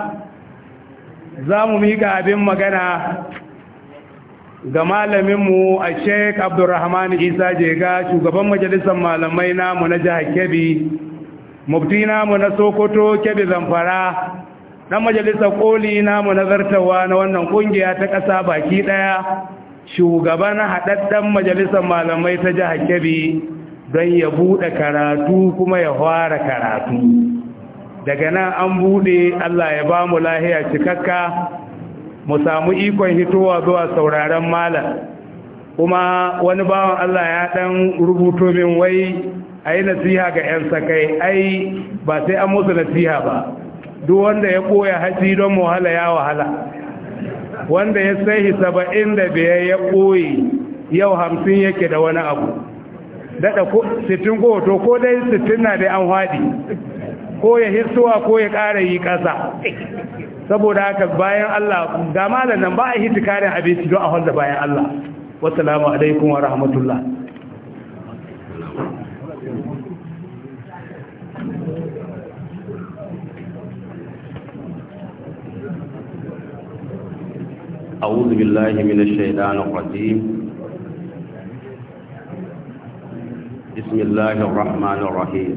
za mu miƙa abin magana ga malaminmu a sheik abdurrahman isa jega shugaban majalisar malamai namu na jihar kebbi mufti namu na sokoto kebbi zamfara na majalisar koli namu na zartawa na wannan kungiya ta ƙasa baki ɗaya shugaban haɗaɗɗen majalisar malamai ta jihar kebbi don ya buɗe karatu kuma ya fara karatu daga nan an bude Allah ya ba mu lahiya cikakka mu samu ikon hitowa zuwa sauraren malam kuma wani bawan Allah ya dan rubuto min wai ai nasiha ga ƴan sakai ai ba sai an musu nasiha ba duk wanda ya koya haji don mu wahala ya wahala wanda ya sai saba'in da biyar ya koyi yau hamsin yake da wani abu daɗa sittin ko to ko dai sittin na dai an haɗi ko ya hirsuwa ko ya ƙara yi ƙasa saboda haka bayan Allah ga malam nan ba a hiti karin abinci don a hulɗa bayan Allah wasalamu alaikum wa rahmatullah أعوذ بالله من الشيطان القديم بسم الله الرحمن الرحيم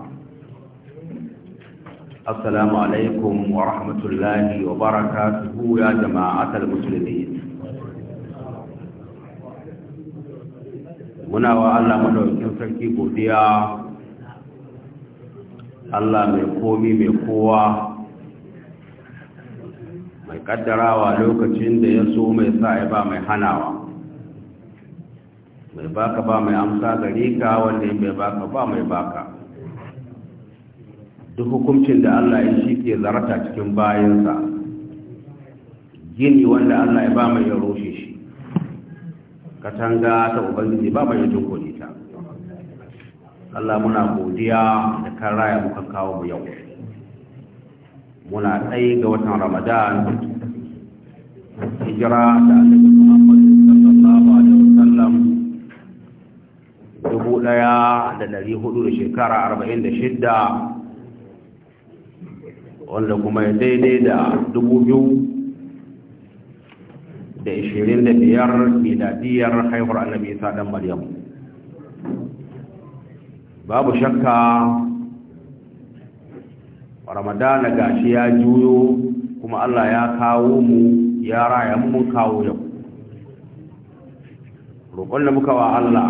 السلام عليكم ورحمة الله ya jama'a جماعة musulmi muna wa Allah maɗaukin sarki godiya Allah mai komi mai kowa mai kaddarawa lokacin da ya so mai sa'i ba mai hanawa mai baka ba mai amsa gari ka wanda bai baka ba mai baka duk hukuncin da Allah ya shi ke zarata cikin bayansa gini wanda Allah ya ba mai ya roshe shi katanga ta ubangiji ba mai ya jinkoli ta Allah muna godiya da kan raya muka kawo mu yau muna tsaye ga watan ramadan hijira da dubu ɗaya da ɗari hudu da shekara arba'in da shidda wanda kuma ya daidai da dubu biyu da ishirin da biyar miladiyar haihuwar annabi isa dan maryam babu shakka ramadana gashi ya juyo kuma allah ya kawo mu ya raya mun kawo yau roƙon da muka wa allah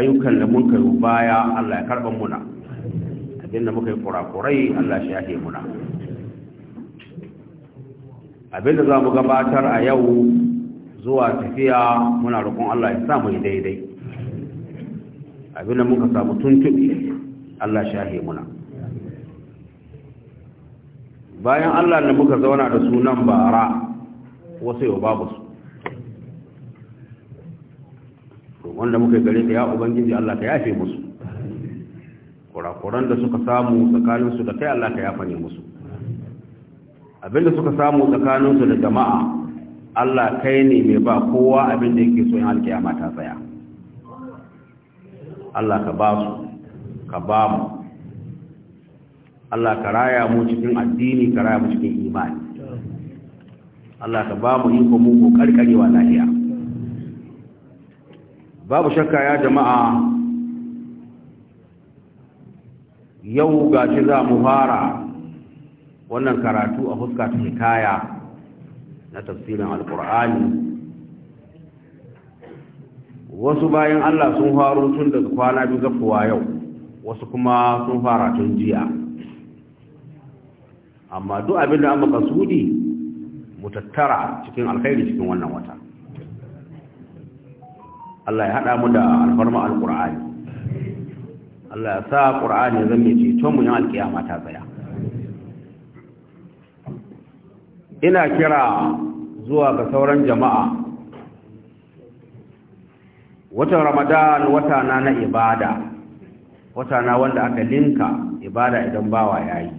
ayyukan da mun kayo baya allah ya karɓar muna abinda muka yi kurakurai allah shi ya muna abinda za mu gabatar a yau zuwa tafiya muna rukun Allah ya samu daidai abinda muka samu tuntuɓe Allah shahe muna bayan Allah da muka zauna da sunan bara wasu yau babu su wanda muka gare da ya ubangiji Allah ka yafe musu kurakuran da suka samu tsakaninsu da kai Allah ka yafe musu abinda suka samu tsakaninsu da jama'a Allah kai ne mai ba kowa abinda yake so yin alkiyama ta tsaya Allah ka ba su ka ba mu Allah ka raya mu cikin addini ka raya mu cikin imani Allah ka ba mu iko mu ko karkarewa lafiya babu shakka ya jama'a yau ga shi za mu fara wannan karatu a fuska ta hikaya na tafsirin alkur'ani wasu bayan Allah sun faru tun daga kwana biyu gafuwa yau wasu kuma sun fara tun jiya amma duk abin da amma kasudi mu tattara cikin alkhairi cikin wannan wata Allah ya haɗa mu da alfarma alƙur'ani Allah ya sa ya zan mai ceto mu yan alkiyama ta tsaya ina kira zuwa ga sauran jama'a watan ramadan wata na na ibada wata na wanda aka linka ibada idan bawa yayi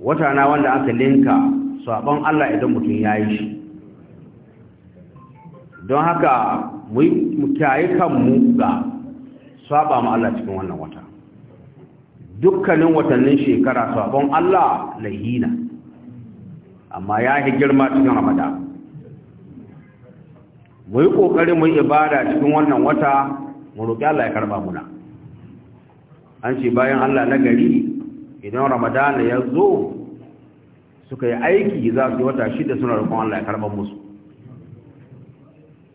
wata na wanda aka linka sabon Allah idan mutum yayi shi don haka mu kyayi kanmu ga saba mu Allah cikin wannan wata dukkanin watannin shekara sabon Allah lahina amma ya yi girma cikin ramadan mu yi ƙoƙari mu yi ibada cikin wannan wata mu roƙi Allah ya karɓa muna an ce bayan Allah na gari idan ramadana ya zo suka yi aiki za su yi wata shida suna roƙon Allah ya karɓa musu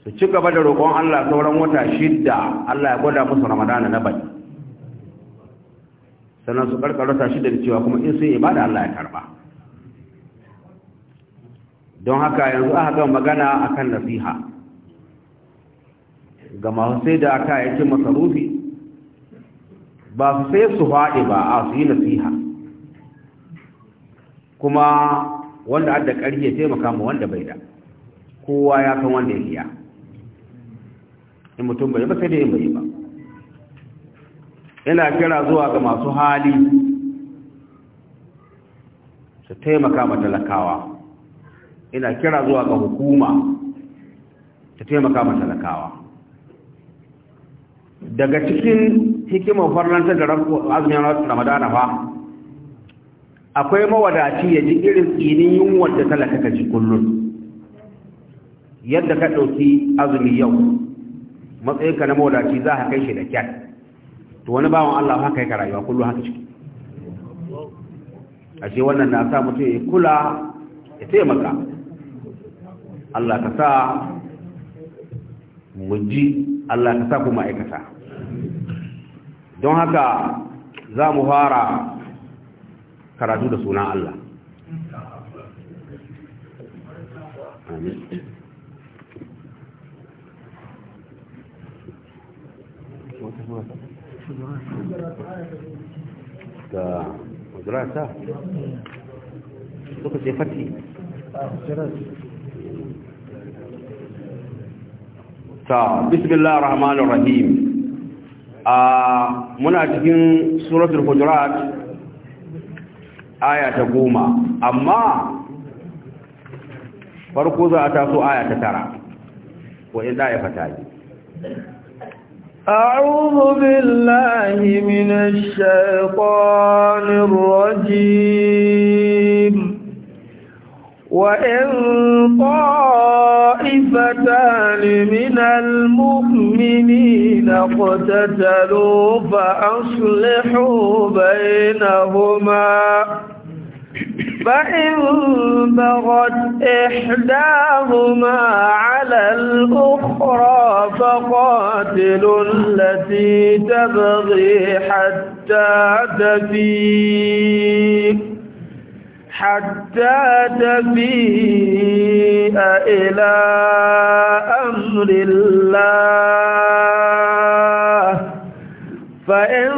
su ci gaba da roƙon Allah sauran wata shida Allah ya gwada musu ramadana na baki sannan su karkar wata shida da cewa kuma in sun ibada Allah ya karɓa don haka yanzu aka ga magana akan nasiha ga masu sai da aka yake masarufi ba su sai su faɗi ba a su yi nasiha kuma wanda adda ƙarfi ya taimaka ma wanda bai da kowa ya kan wanda ya hiya in mutum bai ba sai dai bai ba ina kira zuwa ga masu hali su taimaka ma talakawa ina kira zuwa ga hukuma ta taimaka ma talakawa daga cikin hikimar farlantar da azumin ramadana fa akwai mawadaci ya ji irin tsinin yunwar da talaka ka ji kullum yadda ka ɗauki azumi yau matsayinka na mawadaci za a kai shi da kyan to wani bawan Allah haka yaka rayuwa kullum haka ciki ashe wannan na sa mutum ya kula ya taimaka Allah ka sa mu ji Allah ka sa kuma aikata don haka za mu fara karatu da sunan Allah amin da madrasa suka ce fati ta bismillah rahmanir rahim a muna cikin suratul hujurat aya ta goma amma farko za a taso aya ta tara wa in da ya fata yi أعوذ بالله من الشيطان الرجيم وإن قال طائفتان من المؤمنين اقتتلوا فأصلحوا بينهما فإن بغت إحداهما على الأخرى فقاتلوا التي تبغي حتى تفيق حتى تفيء إلى أمر الله فإن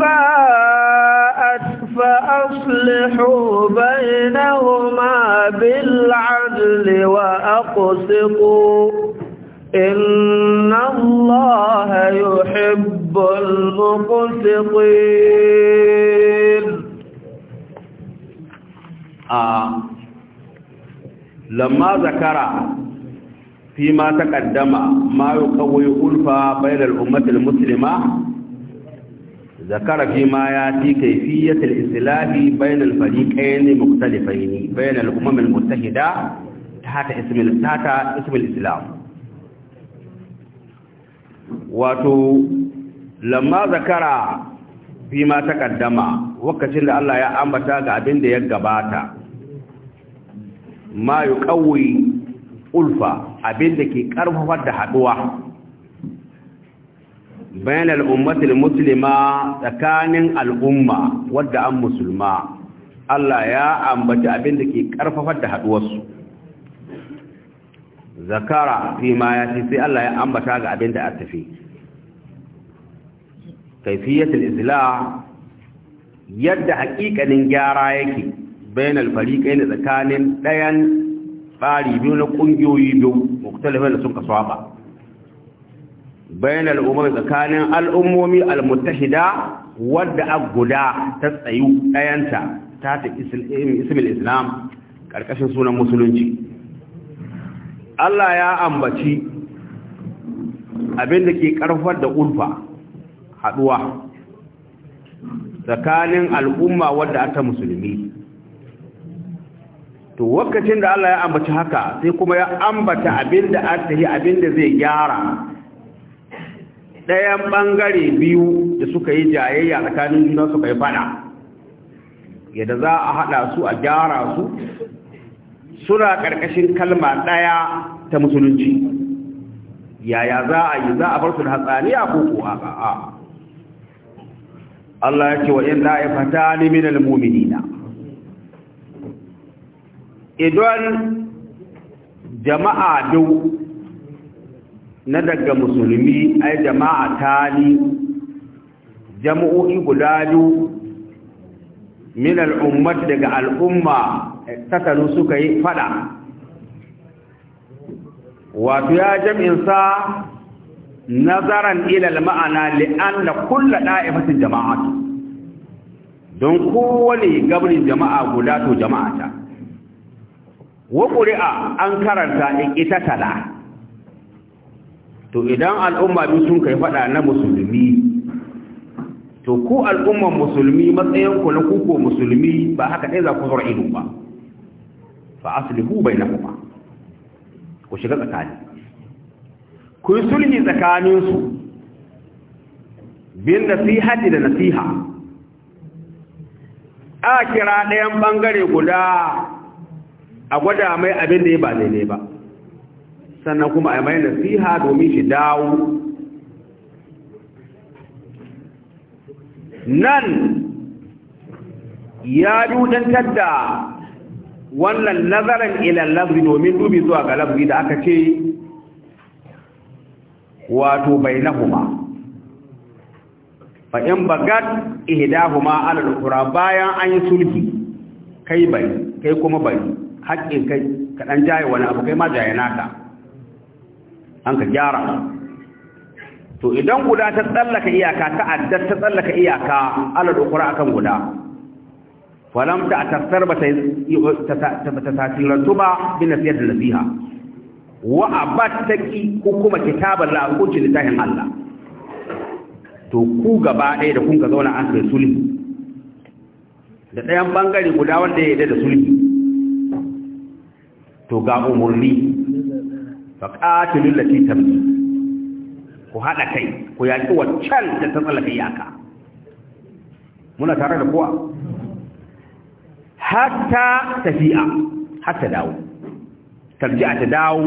فاءت فأصلحوا بينهما بالعدل وأقسطوا إن الله يحب المقسطين a lamma zakara fi ma ta taqaddama ma kawai ulfa bayna al-ummati al-muslima zakara fi ma yati kayfiyyat al-islahi bayna al-fariqayn mukhtalifayn bayna al-umam al-muttahida tahta ism al-tahta ism al-islam wato lamma zakara fi ma ta taqaddama wakacin da Allah ya ambata ga abin da ya gabata ma ƙawai ulfa abinda ke ƙarfafar da haɗuwa. bayan al'ummatul musulma tsakanin al'umma wadda an musulma Allah ya ambaci abinda ke ƙarfafar da haɗuwarsu zakara fi ma ya ce sai Allah ya ambata ga abinda a tafi kaifiyatul isla yadda haƙiƙanin gyara yake bainal fariqain tsakanin ɗayan tsari biyu na ƙungiyoyi biyu muktalifan da sun kaso ba bainal umar tsakanin al'ummomi al-muttahida wadda a guda ta ɗayanta ta ta ismil islam ƙarƙashin sunan musulunci Allah ya ambaci abin da ke ƙarfar da ulfa haɗuwa tsakanin al'umma wadda ata musulmi to wakacin da Allah ya ambaci haka sai kuma ya ambata yi abin abinda zai gyara ɗayan ɓangare biyu da suka yi jayayya tsakanin juna suka yi fada yadda za a haɗa su a gyara su suna ƙarƙashin kalma ɗaya ta musulunci yaya za a yi za a bar su da hatsaniya ko ko a Allah ya ce wa in la'ifata ni minal mu'minina idan jama'a duk na daga musulmi ai jama'a tani jama'o'i guda biyu min al'ummat daga al'umma eh, tattaru suka yi fada wato ya sa nazaran ilal ma'ana li'anna kulla da'ifatin jama'atu don kowane gabrin jama'a guda to jama'ata wa ƙuri'a an karanta in ita tala to idan al'umma bi sun kai faɗa na musulmi to ku al'umman musulmi matsayinku na kuko musulmi ba haka dai za ku zura ido ba fa aslihu bainahuma ku shiga tsakani ku yi sulhi tsakaninsu bin nasihati da nasiha a kira ɗayan ɓangare guda a gwada mai abin da ya ba daidai ba sannan kuma a mai nasiha domin shi dawo nan ya dudantar da wannan nazarin ilan lafzi domin dubi zuwa ga lafzi da aka ce wato bai na ba fa'in bagat ihidahuma ma'alar kura bayan an yi sulhi kai bai kai kuma bai haƙƙin kai ka ɗan jaye wani abu kai ma jaye naka an ka gyara to idan guda ta tsallaka iyaka ta addar ta tsallaka iyaka ala dokura akan guda falam ta tafsar ba ta tasirantu ba bi nasiyar da nasiha wa abat taqi ko kuma kitabar la hukunci littafin Allah to ku gaba ɗaya da kun ka zauna an kai sulhi da ɗayan ɓangare guda wanda ya yarda da sulhi to ga umarni faƙatilun lati tambi ku haɗa kai ku yaƙi waccan da ta tsallaka iyaka muna tare da kowa hatta tafiya hatta dawo tarji'a ta dawo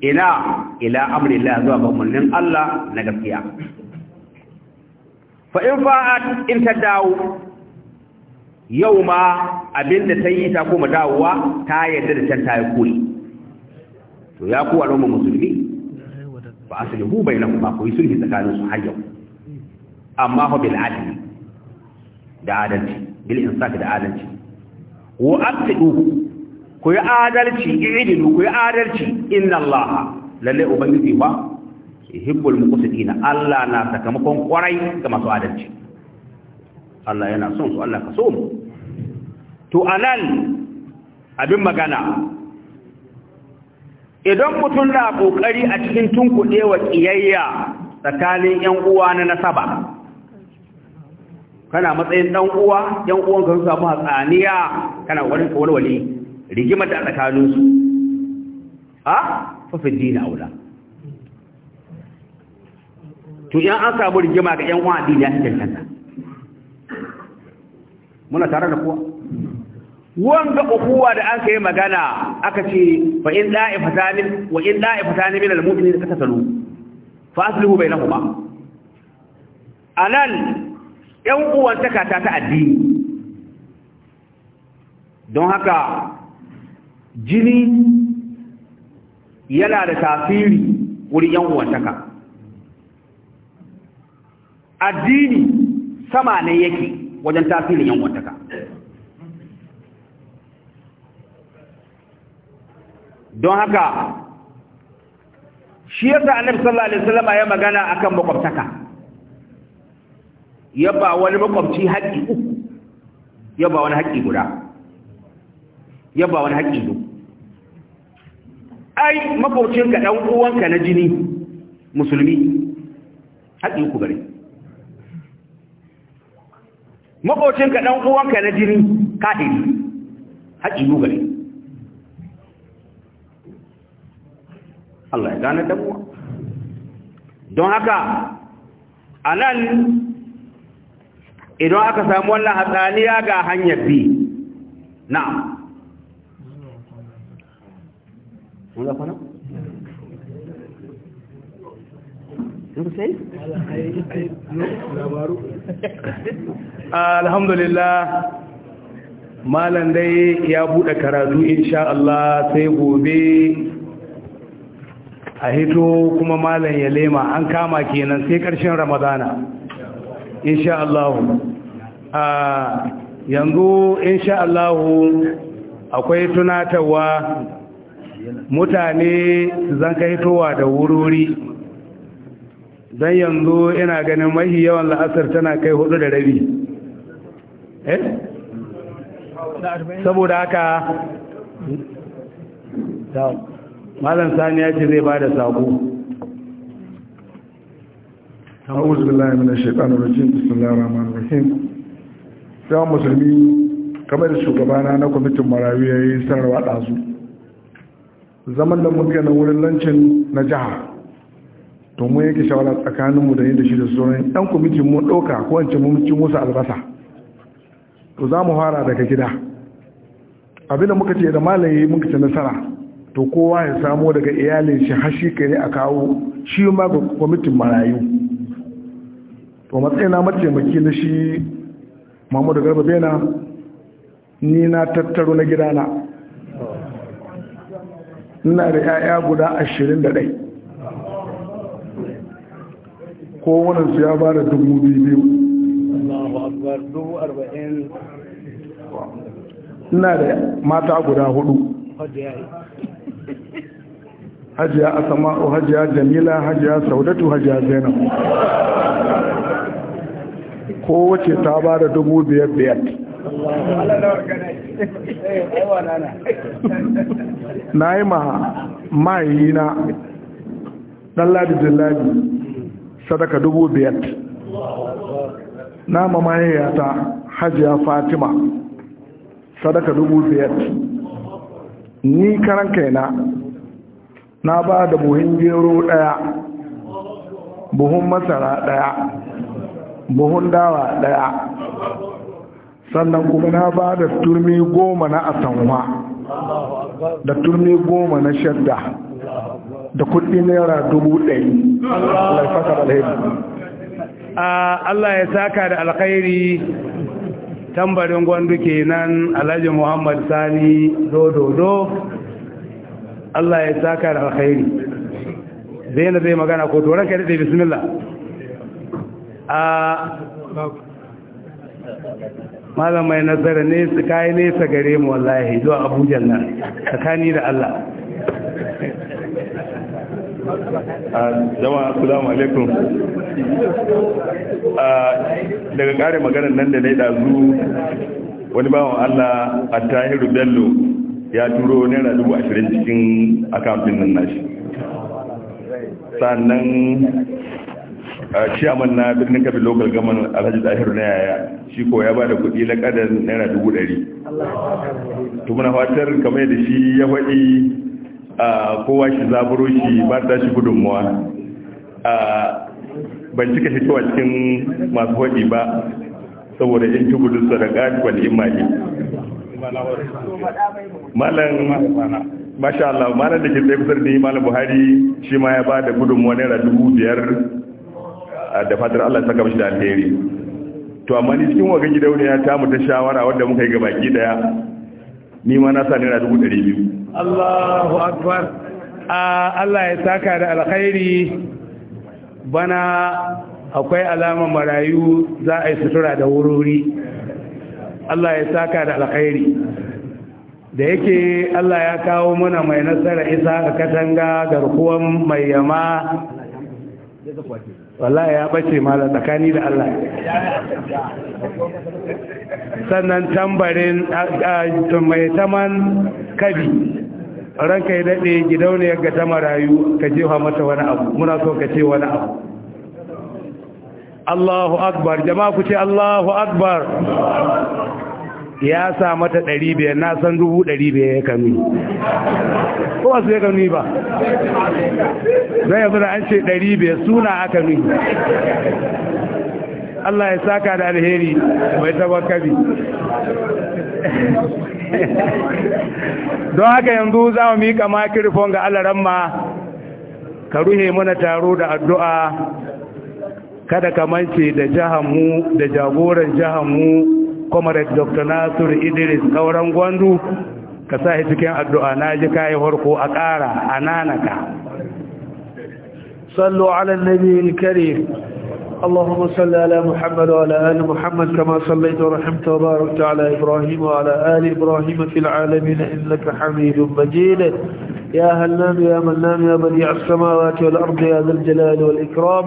ila ila amrillah zuwa ga umarnin Allah na gaskiya fa in fa'at in ta dawo yau ma abinda ta yi ta koma dawowa ta yadda da can ta yi kuri to ya kuwa roma musulmi ba a sulhu bai na kuma koyi sulhi tsakanin su har yau amma ho bil adli da adalci bil insaf da adalci wa aqdu ku yi adalci idinu ku yi adalci inna allaha lalle ubangiji ba yuhibbul muqsitina allah na sakamakon kwarai ga masu adalci Allah yana son su Allah ka so mu to anan abin magana idan mutum na kokari a cikin wa kiyayya tsakanin ƴan uwa na nasaba kana matsayin ɗan uwa ƴan uwan ka su samu hatsaniya kana wani ka walwale rigimar da tsakanin su ha fa fi dini aula to yan an samu rigima ga ƴan uwa dina ya cancanta muna tare da kowa wanga ukuwa da aka yi magana aka ce fa in fatani wa in fatani min al-mu'minin katatalu fa aslihu bainahuma alal yan uwan ta addini don haka jini yana da tasiri wuri yan uwan taka addini sama ne yake wajen tasirin yan uwan taka don haka shi yadda annabi sallallahu alaihi wasallam ya magana akan makwabtaka ya ba wani makwabci haƙƙi uku ya ba wani haƙƙi guda ya ba wani haƙƙi duk ai makwabcinka ɗan uwanka na jini musulmi haƙƙi uku gare makwabcinka ɗan uwanka na jini kafiri haƙƙi uku bare Allah ya gane da mu. don haka a nan idan aka samu wannan hatsaniya ga hanyar bi na alhamdulillah malam dai ya buɗe karatu insha Allah sai gobe a hito kuma malam ya lema an kama kenan sai ƙarshen ramadana insha Allah a yanzu insha Allah akwai tunatarwa mutane zan ka hitowa da wurori don yanzu ina ganin mahi yawan la'asar tana kai hudu da rabi eh saboda haka malam sani ya ce zai ba da sako a'udhu billahi minash shaitanir rajim bismillahir rahmanir rahim sai musulmi kamar da shugabana na kwamitin marawi yayi sanarwa ɗazu. zaman da muke na wurin lancin na jiha to mu yake shawara tsakanin mu da yadda shi da sauran dan kwamitin mun dauka ko wance mun ci musu albasa to za mu fara daga gida abinda muka ce da malaye muka ci nasara to kowa ya samo daga iyalin shi hashi kare a kawo shi ma ga kwamitin marayu to matsayina mataimaki na shi Muhammadu garba bena ni na tattaro na gidana ina da 'ya'ya guda ashirin da ɗai su ya ba da dubu biyu ina da mata guda hudu hajiya asama'u hajiya jamila hajiya saudatu hajiya zainab wace ta ba da dubu biyar biyar na yi ma mayi na ɗan ladijin ladi sadaka dubu biyar na mamaye ta hajiya fatima sadaka dubu biyar ni karan kaina na ba da buhun gero daya buhun masara daya buhun dawa daya sannan kuma na ba da turmi goma na asanwa da turmi goma na shadda da kudi naira dubu ɗari laifaka da laifin ah, Allah ya saka da alkhairi tambarin gwandu kenan alhaji muhammad sani dododo Allah ya saka da alkhairi zaina zai magana ko turan ka daɗe bismillah a malamai mai nazara ne su kayi nesa gare mu wallahi zuwa abujan nan tsakani da Allah Uh, jama'a assalamu alaikum uh, daga kare maganar nan da na dazu wani bawan allah a tahiru bello ya turo naira dubu ashirin cikin akamfin nan nashi sannan uh, ciyaman na birnin kafin local government alhaji tahiru na yaya shi ko ya ba da kuɗi na kadan naira dubu ɗari to fatar kamar da shi ya faɗi kowa shi zaburo shi ba ta shi gudunmuwa ban cika cewa cikin masu haɗi ba saboda in tubu da sadaka wani imani malam masha Allah malam da ke tsaye kusur da malam Buhari shi ma ya ba da gudunmuwa naira dubu biyar da fatar Allah ta kamshi da alheri to amma ni cikin wagan gidauniya ta mu ta shawara wadda muka yi gabaki daya ni ma na sa naira dubu ɗari biyu Allahu akbar Allah ya saka da alkhairi bana akwai alamar marayu za a yi sutura da wurori Allah ya saka da alkhairi da yake Allah ya kawo mana mai nasara isa a katanga garkuwan mai yama wallahi ya bace mala tsakani da Allah sannan tambarin mai taman kabi ranka ya daɗe gidauniyar ga ta marayu ka jefa mata wani abu muna so ka ce wani abu Allahu akbar jama'a ku ce Allahu akbar ya sa mata ɗari biyar na san dubu ɗari biyar ya kanu ko wasu ya kanu ba zai yanzu da an ce ɗari biyar suna aka nu Allah ya saka da alheri mai tabakabi don haka yanzu za mu mika makirfon ga alaramma ka ruhe mana taro da addu'a kada ka da jahanmu da jagoran jahanmu comrade dr nasiru idris kauran gwandu ka sa shi cikin addu'a na ji kayi farko a ƙara a nanaka sallu ala nabi karim Allahumma salli ala Muhammad wa Muhammad kama sallaita wa rahimta barakta ala Ibrahim wa ala ali Ibrahim ya halnam ya mannam ya badi'a as-samawati wal ardi ya dhal jalali wal ikram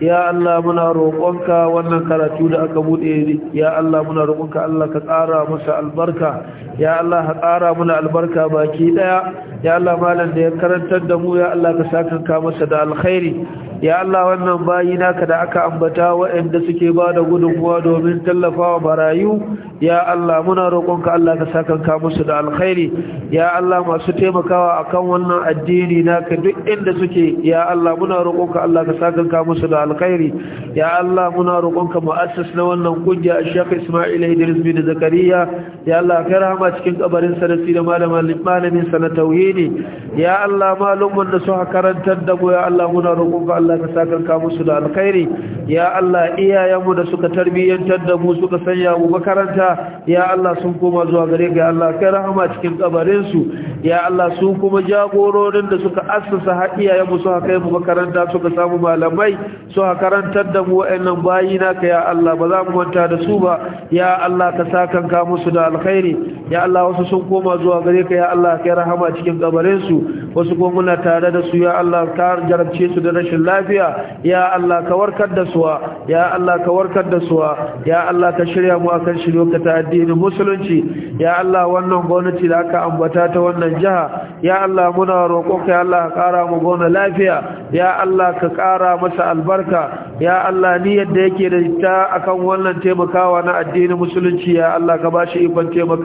ya Allah muna roƙonka wannan karatu da aka bude. ya Allah muna roƙonka Allah ka ƙara masa albarka ya Allah ka ƙara muna albarka baki ɗaya ya Allah malam da ya karantar da mu ya Allah ka sakanka masa da alkhairi ya Allah wannan bayi naka da aka ambata waɗanda suke ba da gudunmuwa domin tallafawa barayu ya Allah muna roƙonka Allah ka sakanka musu da alkhairi ya Allah masu taimakawa akan wannan addini naka duk inda suke ya Allah muna roƙonka Allah ka sakanka musu da alkhairi ya Allah muna roƙonka mu'assis na wannan kungiya Sheikh Ismail Idris bin Zakariya ya Allah ka rahama cikin kabarin sa da sirri malamin malamin sa na tauhidi ya Allah malumin da suka karantar da mu ya Allah muna roƙonka Allah ka saka ka musu da alkhairi ya Allah iyayenmu da suka tarbiyyantar da mu suka sanya mu makaranta ya Allah sun koma zuwa gare ga Allah ka rahama cikin kabarin su ya Allah su kuma jagororin da suka assasa iyayenmu suka kai mu makaranta suka samu malamai su a karantar da mu wa'annan bayi ka. ya Allah ba za mu manta da su ba ya Allah ka sakanka musu da alkhairi ya Allah wasu sun koma zuwa gare ka ya Allah kai rahama cikin gabarinsu. su wasu kuma muna tare da su ya Allah ka jarabce su da rashin lafiya ya Allah ka warkar da su ya Allah ka warkar da su ya Allah ka shirya mu akan shiryo addinin musulunci ya Allah wannan gwamnati da aka ambata ta wannan jiha ya Allah muna ka ya Allah ka ƙara mu gona lafiya ya Allah ka ƙara masa albarka maka ya Allah ni yadda yake da ta akan wannan taimakawa na addinin musulunci ya Allah ka bashi ikon taimaka